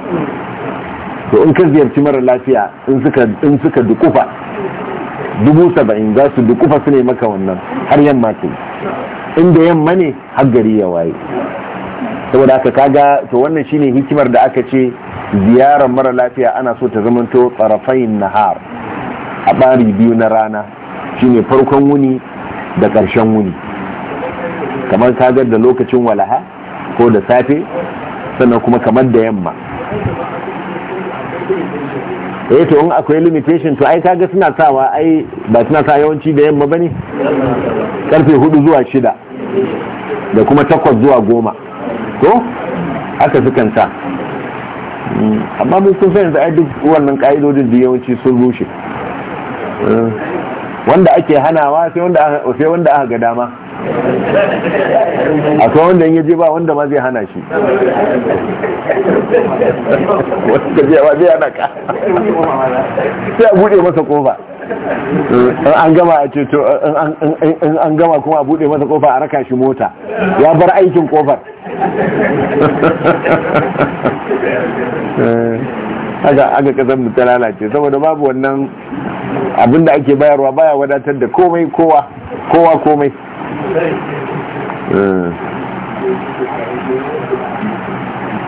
to in ka ziyarci mara lafiya in suka dukufa dubu saba'in za su dukufa su ne maka wannan har yamma ce inda yamma ne har gari ya waye saboda haka kaga to wannan shine hikimar da aka ce ziyarar mara lafiya ana so ta zamanto tsarafayin nahar a ɓari biyu na rana shine farkon wuni da ƙarshen wuni kamar kagar da lokacin walaha ko da safe sannan kuma kamar da yamma eh to in akwai limitation to ai kaga suna sawa ai ba suna sa yawanci da yamma bane karfe 4 zuwa 6 da kuma 8 zuwa 10 ko haka sukan kanta hmm, amma mun kun san da duk wannan ka'idodin da yawanci sun rushe eh, wanda ake hanawa sai wanda aka ga dama a kawai wanda ya je ba wanda ma zai hana shi wanda zai ba zai hana ka sai a bude masa kofa an gama a ceto an gama kuma a bude masa kofa a raka shi mota ya bar aikin kofar eh, aga kasar da ta lalace saboda babu wannan abinda ake bayarwa baya wadatar da komai kowa kowa komai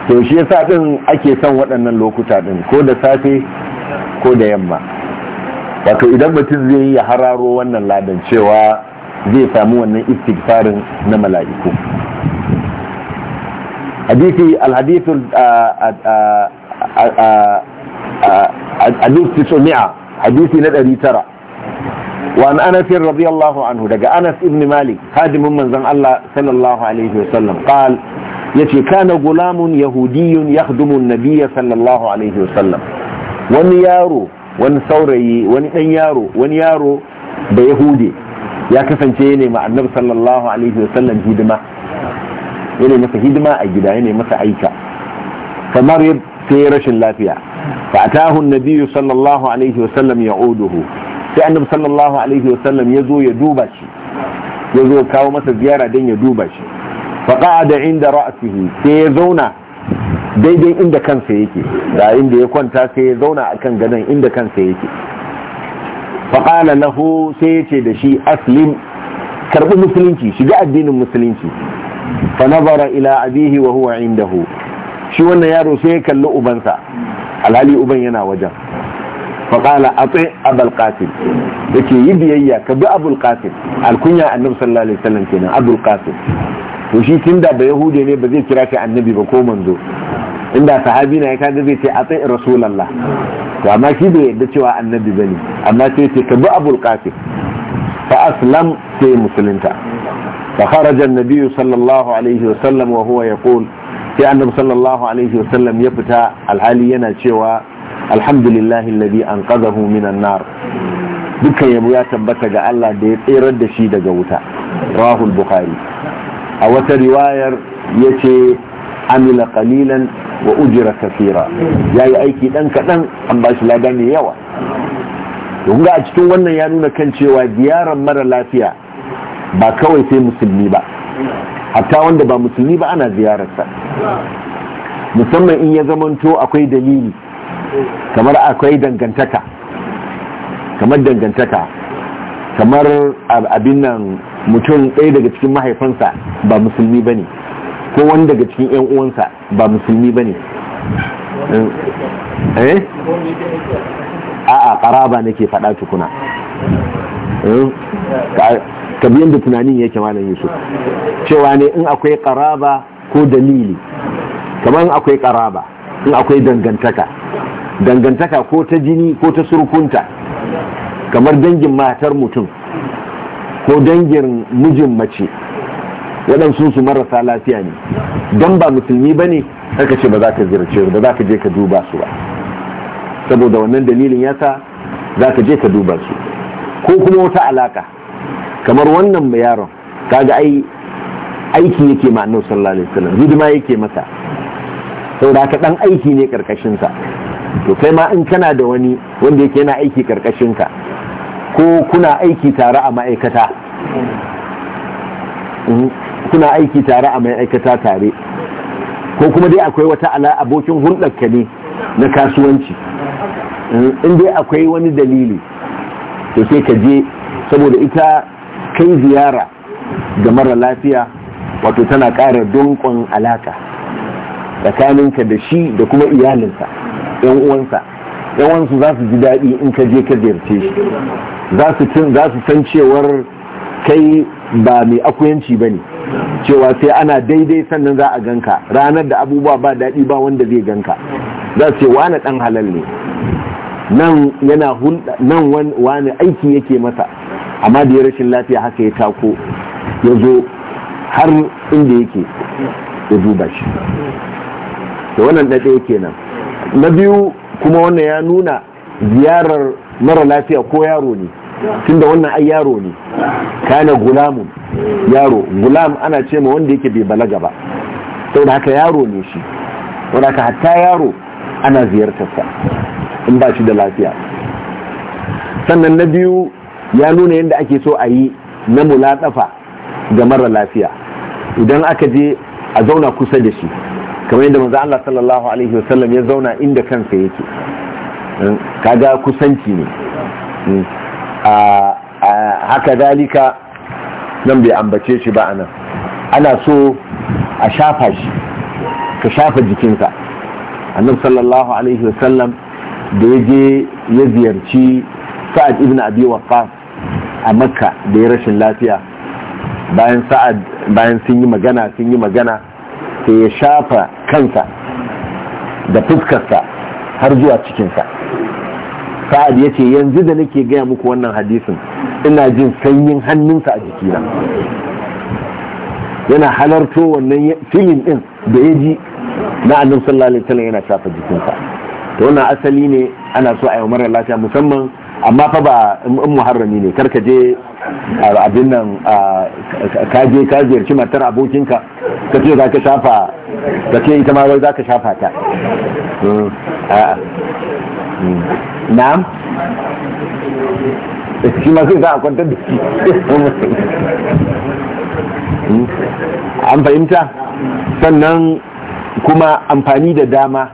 to shi yasa din ake son waɗannan lokuta ɗin ko da safe ko da yamma wato idan mutum zai yi ya hararo wannan ladan cewa zai samu wannan istigfarin na mala'iku hadisi a hadisi a a a a wa an anas radiyallahu anhu daga anas ibn malik hadimin manzon Allah sallallahu alaihi wasallam qal yace kana gulamun yahudiyyun yakhdumu an-nabiy sallallahu alaihi wasallam wani yaro wani saurayi wani dan yaro da yahudi ya kasance ne ma annabi sallallahu alaihi wasallam hidima masa hidima a gida ya masa aika kamar sai rashin lafiya fa atahu an sallallahu alaihi wasallam ya'uduhu sai annabi sallallahu alaihi sallam ya zo ya duba shi ya zo kawo masa ziyara dan ya duba shi da inda ra'sihi sai ya zauna daidai inda kansa yake da inda ya kwanta sai ya zauna akan gadon inda kansa yake qala lahu sai ya ce da shi aslim karbi musulunci shiga addinin musulunci fa nazara ila abihi wa huwa indahu shi wannan yaro sai ya kalli ubansa alhali uban yana wajen faƙala a tsaye abul qasim da ke yi biyayya ka bi abul qasim alkunya annabi sallallahu alaihi wasallam kenan abul qasim to shi tun da ba yahude ne ba zai kira shi annabi ba ko manzo inda sahabi na ya kaga zai ce a tsaye rasulallah to amma shi bai yarda cewa annabi bane amma sai ce ka bi abul qasim fa aslam sai musulunta fa kharaja annabi sallallahu alaihi wasallam wa huwa yaqul sai annabi sallallahu alaihi wasallam ya fita alhali yana cewa alhamdulillahi alladhi anqadhahu minan nar dukkan yabo ya tabbata ga Allah da ya tsirar da shi daga wuta rahul bukhari a wata riwayar yace amila qalilan wa ujira kathira yayi aiki dan kadan an ba shi lada mai yawa kun ga a cikin wannan ya nuna kan cewa ziyaran mara lafiya ba kawai sai musulmi ba hatta wanda ba musulmi ba ana ziyararsa musamman in ya zamanto akwai dalili kamar akwai dangantaka kamar dangantaka kamar abin nan mutum ɗaya daga cikin mahaifansa ba musulmi ba ne ko wani daga cikin 'yan uwansa ba musulmi ba ne eh, eh? a'a ƙaraba nake faɗa tukuna eh? biyan da tunanin yake malam yusuf cewa ne in akwai ƙaraba ko dalili kamar akwai ƙaraba in akwai dangantaka dangantaka ko ta jini ko ta surkunta kamar dangin matar mutum ko dangin mijin mace waɗansu su marasa lafiya ne don ba musulmi ba ne aka ce ba za ka ziyarce ba za ka je ka duba su ba saboda wannan dalilin yasa za ka je ka duba su ko kuma wata alaka kamar wannan yaron kaga ai aiki yake ma sallallahu alaihi wasallam hidima yake masa saboda haka dan aiki ne karkashin sa to kai ma in kana da wani wanda yake yana aiki karkashin ka ko kuna aiki tare a ma'aikata mm, kuna aiki tare a ma'aikata tare ko kuma dai akwai wata ala abokin hulɗarka ne na kasuwanci mm, in dai akwai wani dalili to sai ka je saboda ita kai ziyara ga mara lafiya wato tana ƙara donkon alaka tsakaninka da shi da kuma iyalinsa yan uwansa yan uwansu za su ji daɗi in ka je ka ziyarce shi za su san cewar kai ba mai akuyanci ba ne cewa sai ana daidai sannan za a ganka ranar da abubuwa ba daɗi ba wanda zai ganka za su ce wani ɗan halal ne nan yana hulɗa nan wani aiki yake masa amma da ya rashin lafiya haka ya tako ya zo har inda yake ya duba shi da wannan ɗaɗe yake nan na biyu kuma wannan ya nuna ziyarar mara lafiya ko yaro ne tun da wannan ai yaro ne kana gulamun yaro gulam ana ce ma wanda yake bai balaga ba Da haka yaro ne shi saboda haka hatta yaro ana ziyartarsa in ba shi da lafiya sannan na biyu ya nuna yadda ake so a yi na mulatsafa ga mara lafiya idan aka je a zauna kusa da shi kamar yadda manzo Allah sallallahu alaihi wasallam ya zauna inda kansa yake hmm? kaga kusanci ne hmm? a haka dalika nan bai ambace shi ba anan ana so a shafa shi ka shafa jikinsa annab sallallahu alaihi wasallam da ya je ya ziyarci sa'ad ibn abi waqqas a makka da ya rashin lafiya bayan sa'ad bayan sun yi magana sun yi magana sai ya shafa kansa da fuskarsa har zuwa cikinsa sa'ad ya ce yanzu da nake gaya muku wannan hadisin ina jin sanyin hannunsa a jikina yana halarto wannan filin ɗin da ya ji na annun sallallahu alaihi yana shafa jikinsa to wannan asali ne ana so a yi mara lafiya musamman amma fa ba in muharrami ne karka je abin nan ka je ka ziyarci matar abokinka ka ce za ka shafa ka ce ita ma wai za ka shafa ta hmm. Hmm. na'am <laughs> shi ma sai za a kwantar da shi <laughs> hmm. an fahimta sannan kuma amfani da dama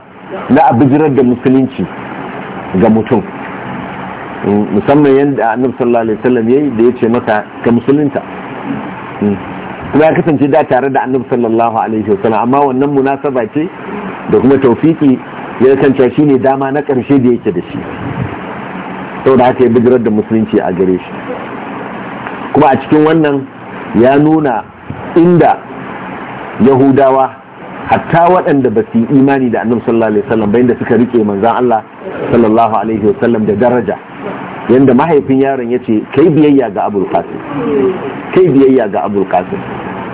na abujirar da musulunci ga mutum musamman yadda annabi sallallahu alaihi wasallam yayi da yace maka ka musulunta hmm. kuma ya kasance da tare da annabi sallallahu alaihi wasallam amma wannan munasaba ce da kuma taufiki ya kanta shine dama na karshe da yake da shi saboda haka ya bijirar da musulunci a gare shi kuma a cikin wannan ya nuna inda yahudawa hatta waɗanda ba su imani da annabi sallallahu alaihi wasallam ba inda suka rike manzon Allah sallallahu alaihi wasallam da daraja yadda mahaifin yaron ya ce kai biyayya ga abul qasim kai biyayya ga abul qasim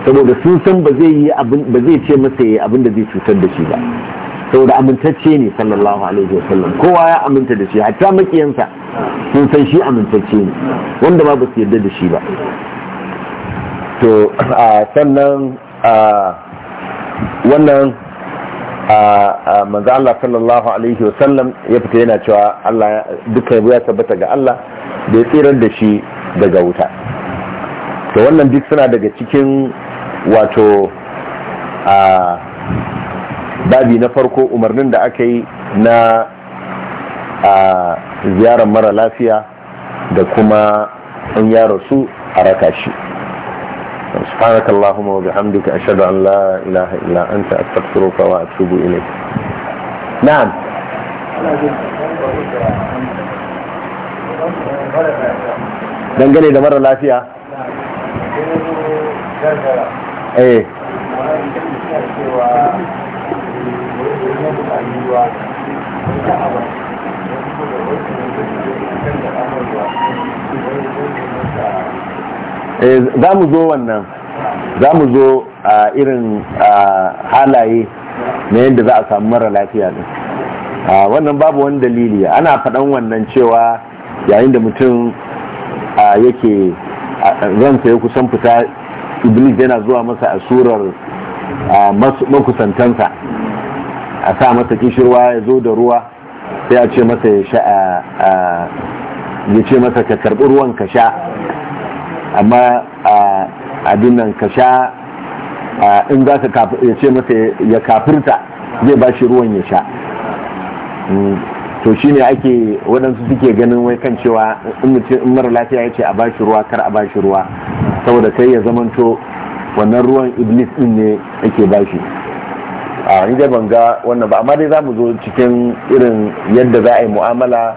saboda sun san ba zai yi abin ba zai ce masa yayi abin da zai cutar da shi ba saboda amintacce ne sallallahu alaihi wasallam kowa ya aminta da shi hatta makiyansa sun san shi amintacce ne wanda ba ba su yarda da shi ba to sannan wannan a manzo Allah sallallahu alaihi wasallam ya fita yana cewa Allah duka ya tabbata ga Allah da ya tsirar da shi daga wuta to wannan duk suna daga cikin wato a babi na farko umarnin da aka yi na a ziyarar mara lafiya da kuma in ya rasu a raka shi سبحانك اللهم وبحمدك أشهد أن لا إله إلا أنت أستغفرك وأتوب إليك نعم dangane da mara lafiya eh cewa Eh, za mu zo wannan za mu zo a irin halaye na yadda za a samu mara lafiya ne wannan babu wani dalili ana faɗan wannan cewa yayin da mutum yake zan ya kusan fita iblis yana zuwa masa a surar makusantansa a sa masa kishirwa ya zo da ruwa sai a ce masa ya ce masa ka karɓi ruwan ka sha amma abin nan ka sha in za ka ya ce masa ya kafirta zai ba shi ruwan ya sha mm, to shi ne ake waɗansu suke ganin wai kan cewa in mara lafiya ya ce a ba shi ruwa kar a ba shi ruwa saboda kai ya zamanto wannan ruwan iblis din ne ake ba shi a ban ga wannan ba amma dai za mu zo cikin irin yadda za a yi mu'amala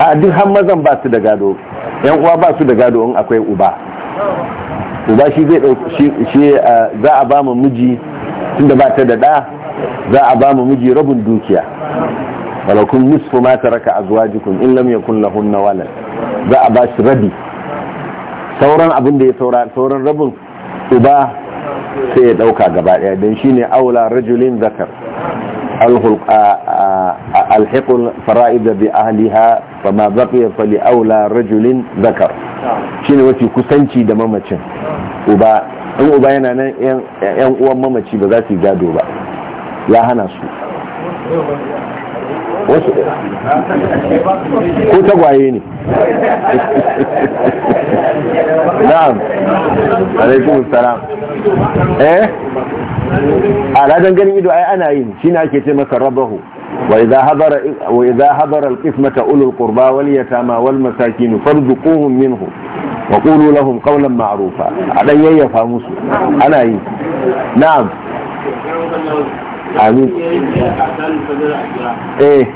a duk har mazan ba su da gado yan uwa ba su da gado in akwai uba uba shi zai za a ba mu miji tun da ba ta da da za a ba mu miji rabin dukiya walakun nisfu ma zuwa jikun in lam yakun na walar za a ba shi rabi sauran abin da ya saura sauran rabin uba sai ya ɗauka gaba daya shi ne aula rajulin zakar الحق الفرائض بأهلها فما بقي فلأولى رجل ذكر شنو وفي كسنشي دمامتشن وبا in وبا yana nan yan uwan mamaci ba za su gado ba ya hana su wasu ko gwaye ne na'am alaikum salam eh a ladan ganin ido ai ana yin shine ake ce maka rabahu wa idza habara alqismata ulul qurba wal yatama wal masakin farzuquhum minhu wa qulu lahum qawlan ma'rufa a dan yayyafa musu ana yi na'am amin eh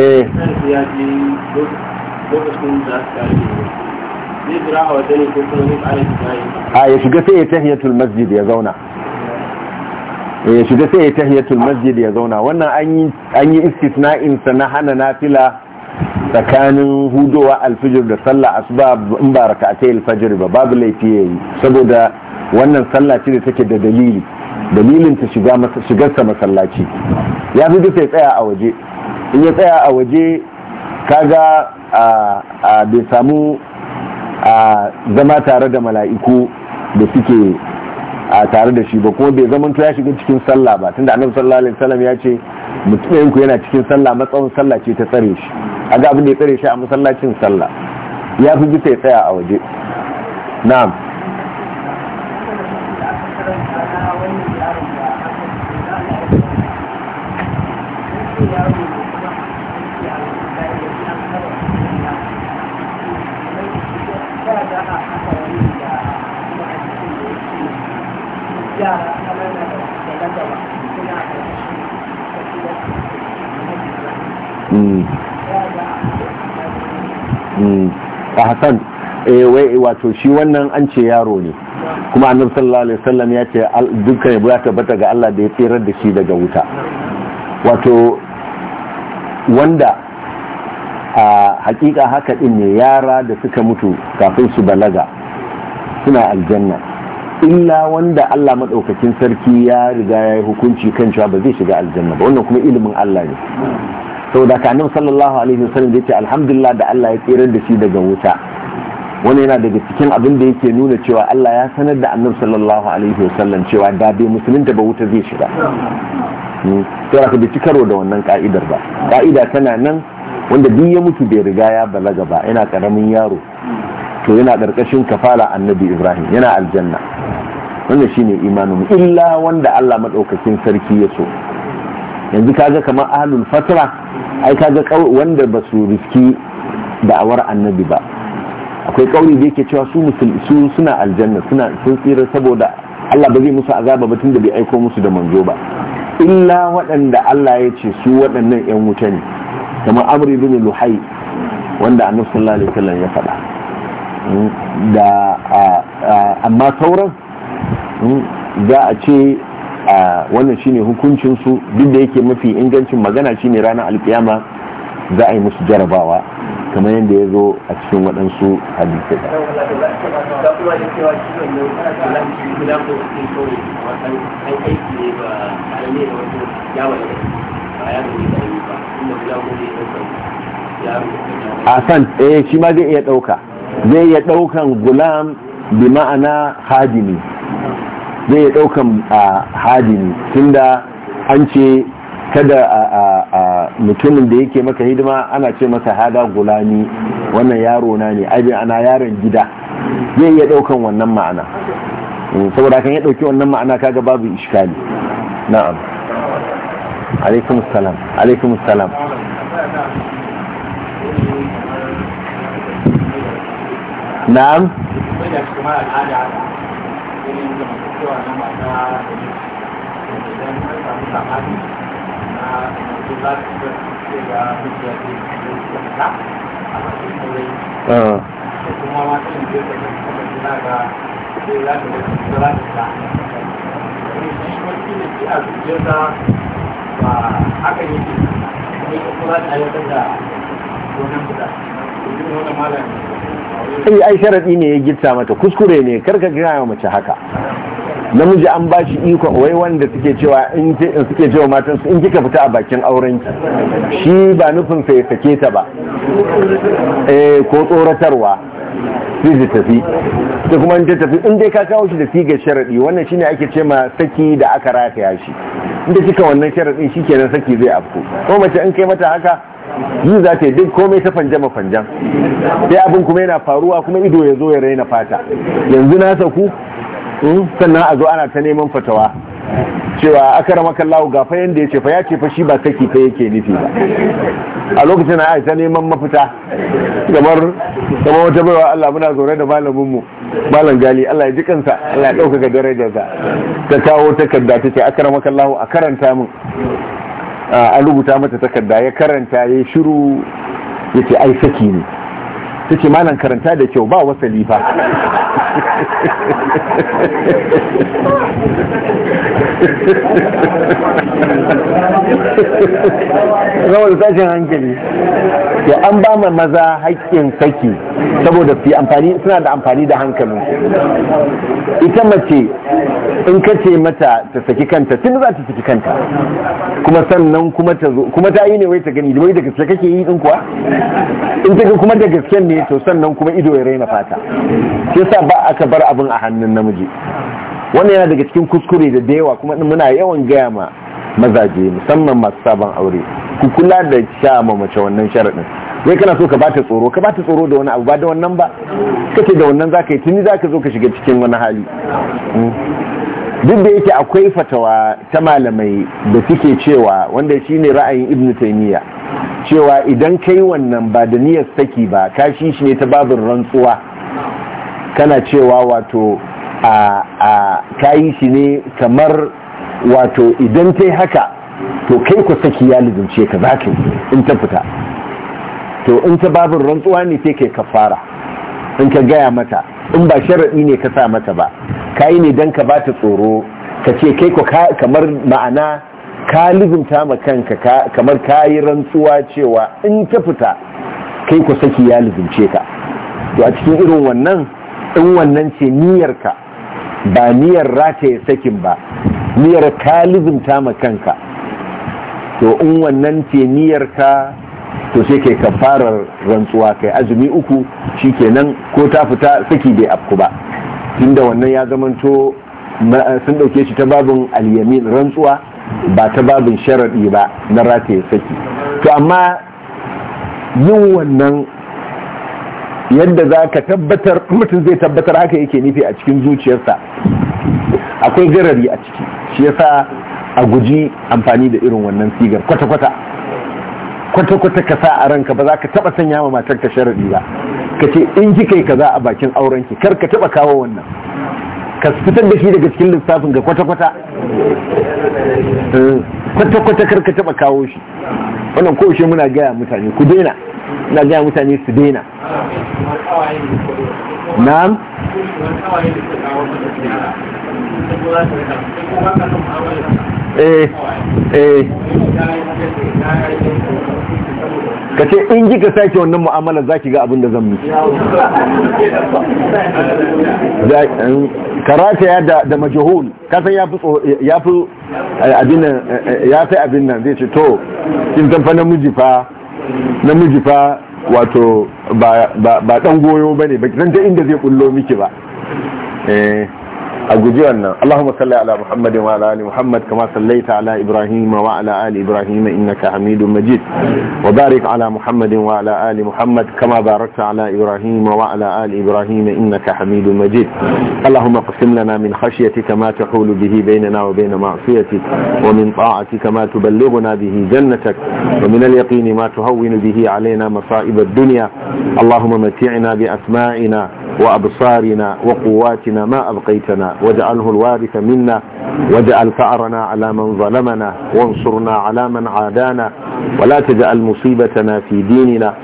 eh a ya shiga sai ya tahiyatul masjid ya zauna eh, ya masjid ya zauna wannan an yi istisna'in sa na hana nafila tsakanin hudowa alfijir da sallah asuba in ba raka raka'atai alfajir ba babu laifi yayi saboda wannan sallah ce da take da dalili dalilin ta shiga shigarsa masallaci ya fi duka ya tsaya a waje in ya tsaya a waje kaga a bai samu a zama tare da mala'iku da suke a tare da shi ba kuma bai zama ya shiga cikin sallah ba tunda annabi sallallahu alaihi wasallam ya ce mutumin ku yana cikin sallah matsawon sallah ce ta tsare shi aga abin da ya tsare shi a masallacin sallah ya fi bisa ya tsaya a waje na'am Yeah. a hmm. hmm. eh, wai wato shi wannan an ce yaro ne kuma annabi sallallahu alaihi wasallam ya ce dukkan ya tabbata ga Allah da ya tsirar da shi daga wuta wato wanda a hakika haka ɗin ne yara da suka mutu kafin su balaga suna aljanna illa wanda Allah madaukakin sarki ya riga ya yi hukunci kan cewa ba zai shiga aljanna ba wannan kuma ilimin Allah ne saboda ka annabi sallallahu alaihi wasallam yace alhamdulillah da Allah ya tsira da shi daga wuta wannan yana daga cikin abin da yake nuna cewa Allah ya sanar da annabi sallallahu alaihi wasallam cewa da bai da ba wuta zai shiga hmm. sai ka bai karo da wannan ka'idar ba ka'ida tana nan wanda duk ya mutu bai riga ya balaga ba yana karamin yaro to yana ƙarƙashin kafala annabi ibrahim yana aljanna wannan shine imanin illa wanda allah maɗaukakin sarki ya so yanzu kaga kamar ahlul fatra ai kaga wanda ba su riski da'awar annabi ba akwai kauri da yake cewa su musulmi suna aljanna suna sun tsira saboda allah ba zai musu azaba ba tun da bai aiko musu da manzo ba illa waɗanda allah ya ce su waɗannan 'yan wuta ne kamar amri bin luhai wanda annabi sallallahu alaihi wasallam ya faɗa da amma sauran hmm, za a ce wannan shine hukuncinsu duk da yake mafi ingancin magana shine ranar alkiyama za a yi musu jarabawa kamar yadda ya zo a cikin waɗansu hadisai a san eh shi ma zai iya ɗauka zai iya ɗaukan gulam bi ma'ana hadimi zai ya ɗaukan hadimi tunda an ce kada a mutumin da yake maka hidima ana ce masa hada gulami wannan yaro na ne abin ana yaron gida zai iya ɗaukan wannan ma'ana mm, saboda kan ya ɗauki wannan ma'ana kaga babu iskali na'am alaikum salam alaikum salam na'am Uh. ai ai sharadi ne ya gitta mata kuskure ne karka gaya mace haka namiji an ba shi iko wai wanda suke cewa in suke cewa matan su in kika fita a bakin auren ki shi ba nufin sai ta ba eh ko tsoratarwa sai tafi ta kuma ta tafi in dai ka kawo shi da siga sharaɗi wannan shine ake ce ma saki da aka rataya shi inda kika wannan ke shikenan saki zai afko ko mace in kai mata haka yi za ta yi duk komai ta fanje mafanjan sai abin kuma yana faruwa kuma ido ya zo ya raina fata yanzu na saku hmm, sannan a zo ana ta neman fatawa cewa akara makallahu ga fayan ya ce fa yace fa shi ba saki fa yake nufi ba a lokacin na aisa neman mafita kamar kamar wata baiwa Allah muna zaune da malamin mu malam gali Allah ya ji kansa Allah ya dauka darajarsa ta kawo takarda tace akara makallahu a karanta min a rubuta mata takarda ya karanta ya shiru yace ai saki ne ta ce malam karanta da kyau ba wasali ba. rawar sashen hankali Ya an ba ma maza haƙƙin saki saboda fi amfani suna da amfani da hankalin ita mace in ka ce mata ta saki kanta tun za ta saki kanta kuma sannan kuma ta zo kuma ta yi ne wai ta gani da wai da gaske kake yi in kuwa in ta kuma da gaske ne Eh, to sannan kuma ido ya raina fata shi yasa ba aka bar abin a hannun namiji wannan yana daga cikin kuskure da dewa kuma muna yawan gaya ma mazaje musamman masu sabon aure ku kula da sha ma mace wannan sharaɗin wai kana so ka ba ta tsoro ka ba ta tsoro da wani abu ba da wannan ba kace da wannan zaka yi tuni zaka zo ka shiga cikin wani hali hmm. duk da yake akwai fatawa ta malamai da suke cewa wanda shine ra'ayin ibnu taimiyya, cewa idan kai wannan ba da niyyar saki ba ka shi shi ne ta babin rantsuwa kana cewa wato a a yi shi ne kamar wato idan tai haka to kai ku saki ya lizince ka za ka in ta fita to in ta babin rantsuwa ne sai kai kafara in ka gaya mata in ba sharaɗi ne ka sa mata ba ka yi ne don ka ba ta tsoro ka ce kai ko kamar ma'ana ka lizinta ma kanka kamar ka yi rantsuwa cewa in ta fita kai ku saki ya lizince ka to a cikin irin wannan in wannan ce ka, ba niyyar rataye sakin ba niyyar ka lizinta ma kanka to in wannan ce ka. to sai kai kafarar rantsuwa kai azumi uku shi shikenan ko ta fita saki bai afku ba tunda wannan ya zamanto sun dauke shi ta babin alyamin rantsuwa ba ta babin sharadi ba na rataye saki to amma yin wannan yadda za ka tabbatar mutum zai tabbatar haka yake nufi a cikin zuciyarsa akwai garari a ciki shi yasa a guji amfani da irin wannan sigar kwata-kwata kwata-kwata ka sa a ranka ba za ka taba sanya ma matar ka sharaɗi ba ka ce in ji kai kaza a bakin auren ki kar ka taba kawo wannan ka fitar da shi daga cikin lissafin ga kwata-kwata eh, kwata-kwata kar ka taba kawo shi wannan ko shi muna gaya mutane ku daina na gaya mutane su daina na'am eh eh ka ce in ji ka sake wannan mu'amala za ki ga abin da zan miki um, karata ya da, majahul kasan ya fi abin nan zai ce to in san fa namiji fa mujifa wato ba ba dan goyo ne ba san ta inda zai kullo miki ba eh, اجوجينا اللهم صل على محمد وعلى ال محمد كما صليت على ابراهيم وعلى ال ابراهيم انك حميد مجيد وبارك على محمد وعلى ال محمد كما باركت على ابراهيم وعلى ال ابراهيم انك حميد مجيد اللهم اقسم لنا من خشيتك ما تحول به بيننا وبين معصيتك ومن طاعتك ما تبلغنا به جنتك ومن اليقين ما تهون به علينا مصائب الدنيا اللهم متعنا بأسمائنا وأبصارنا وقواتنا ما أبقيتنا واجعله الوارث منا واجعل فأرنا على من ظلمنا وانصرنا على من عادانا ولا تجعل مصيبتنا في ديننا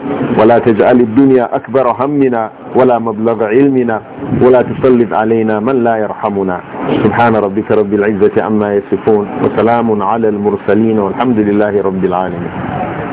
ولا تجعل الدنيا أكبر همنا ولا مبلغ علمنا ولا تسلط علينا من لا يرحمنا سبحان ربك رب العزة عما يصفون وسلام على المرسلين والحمد لله رب العالمين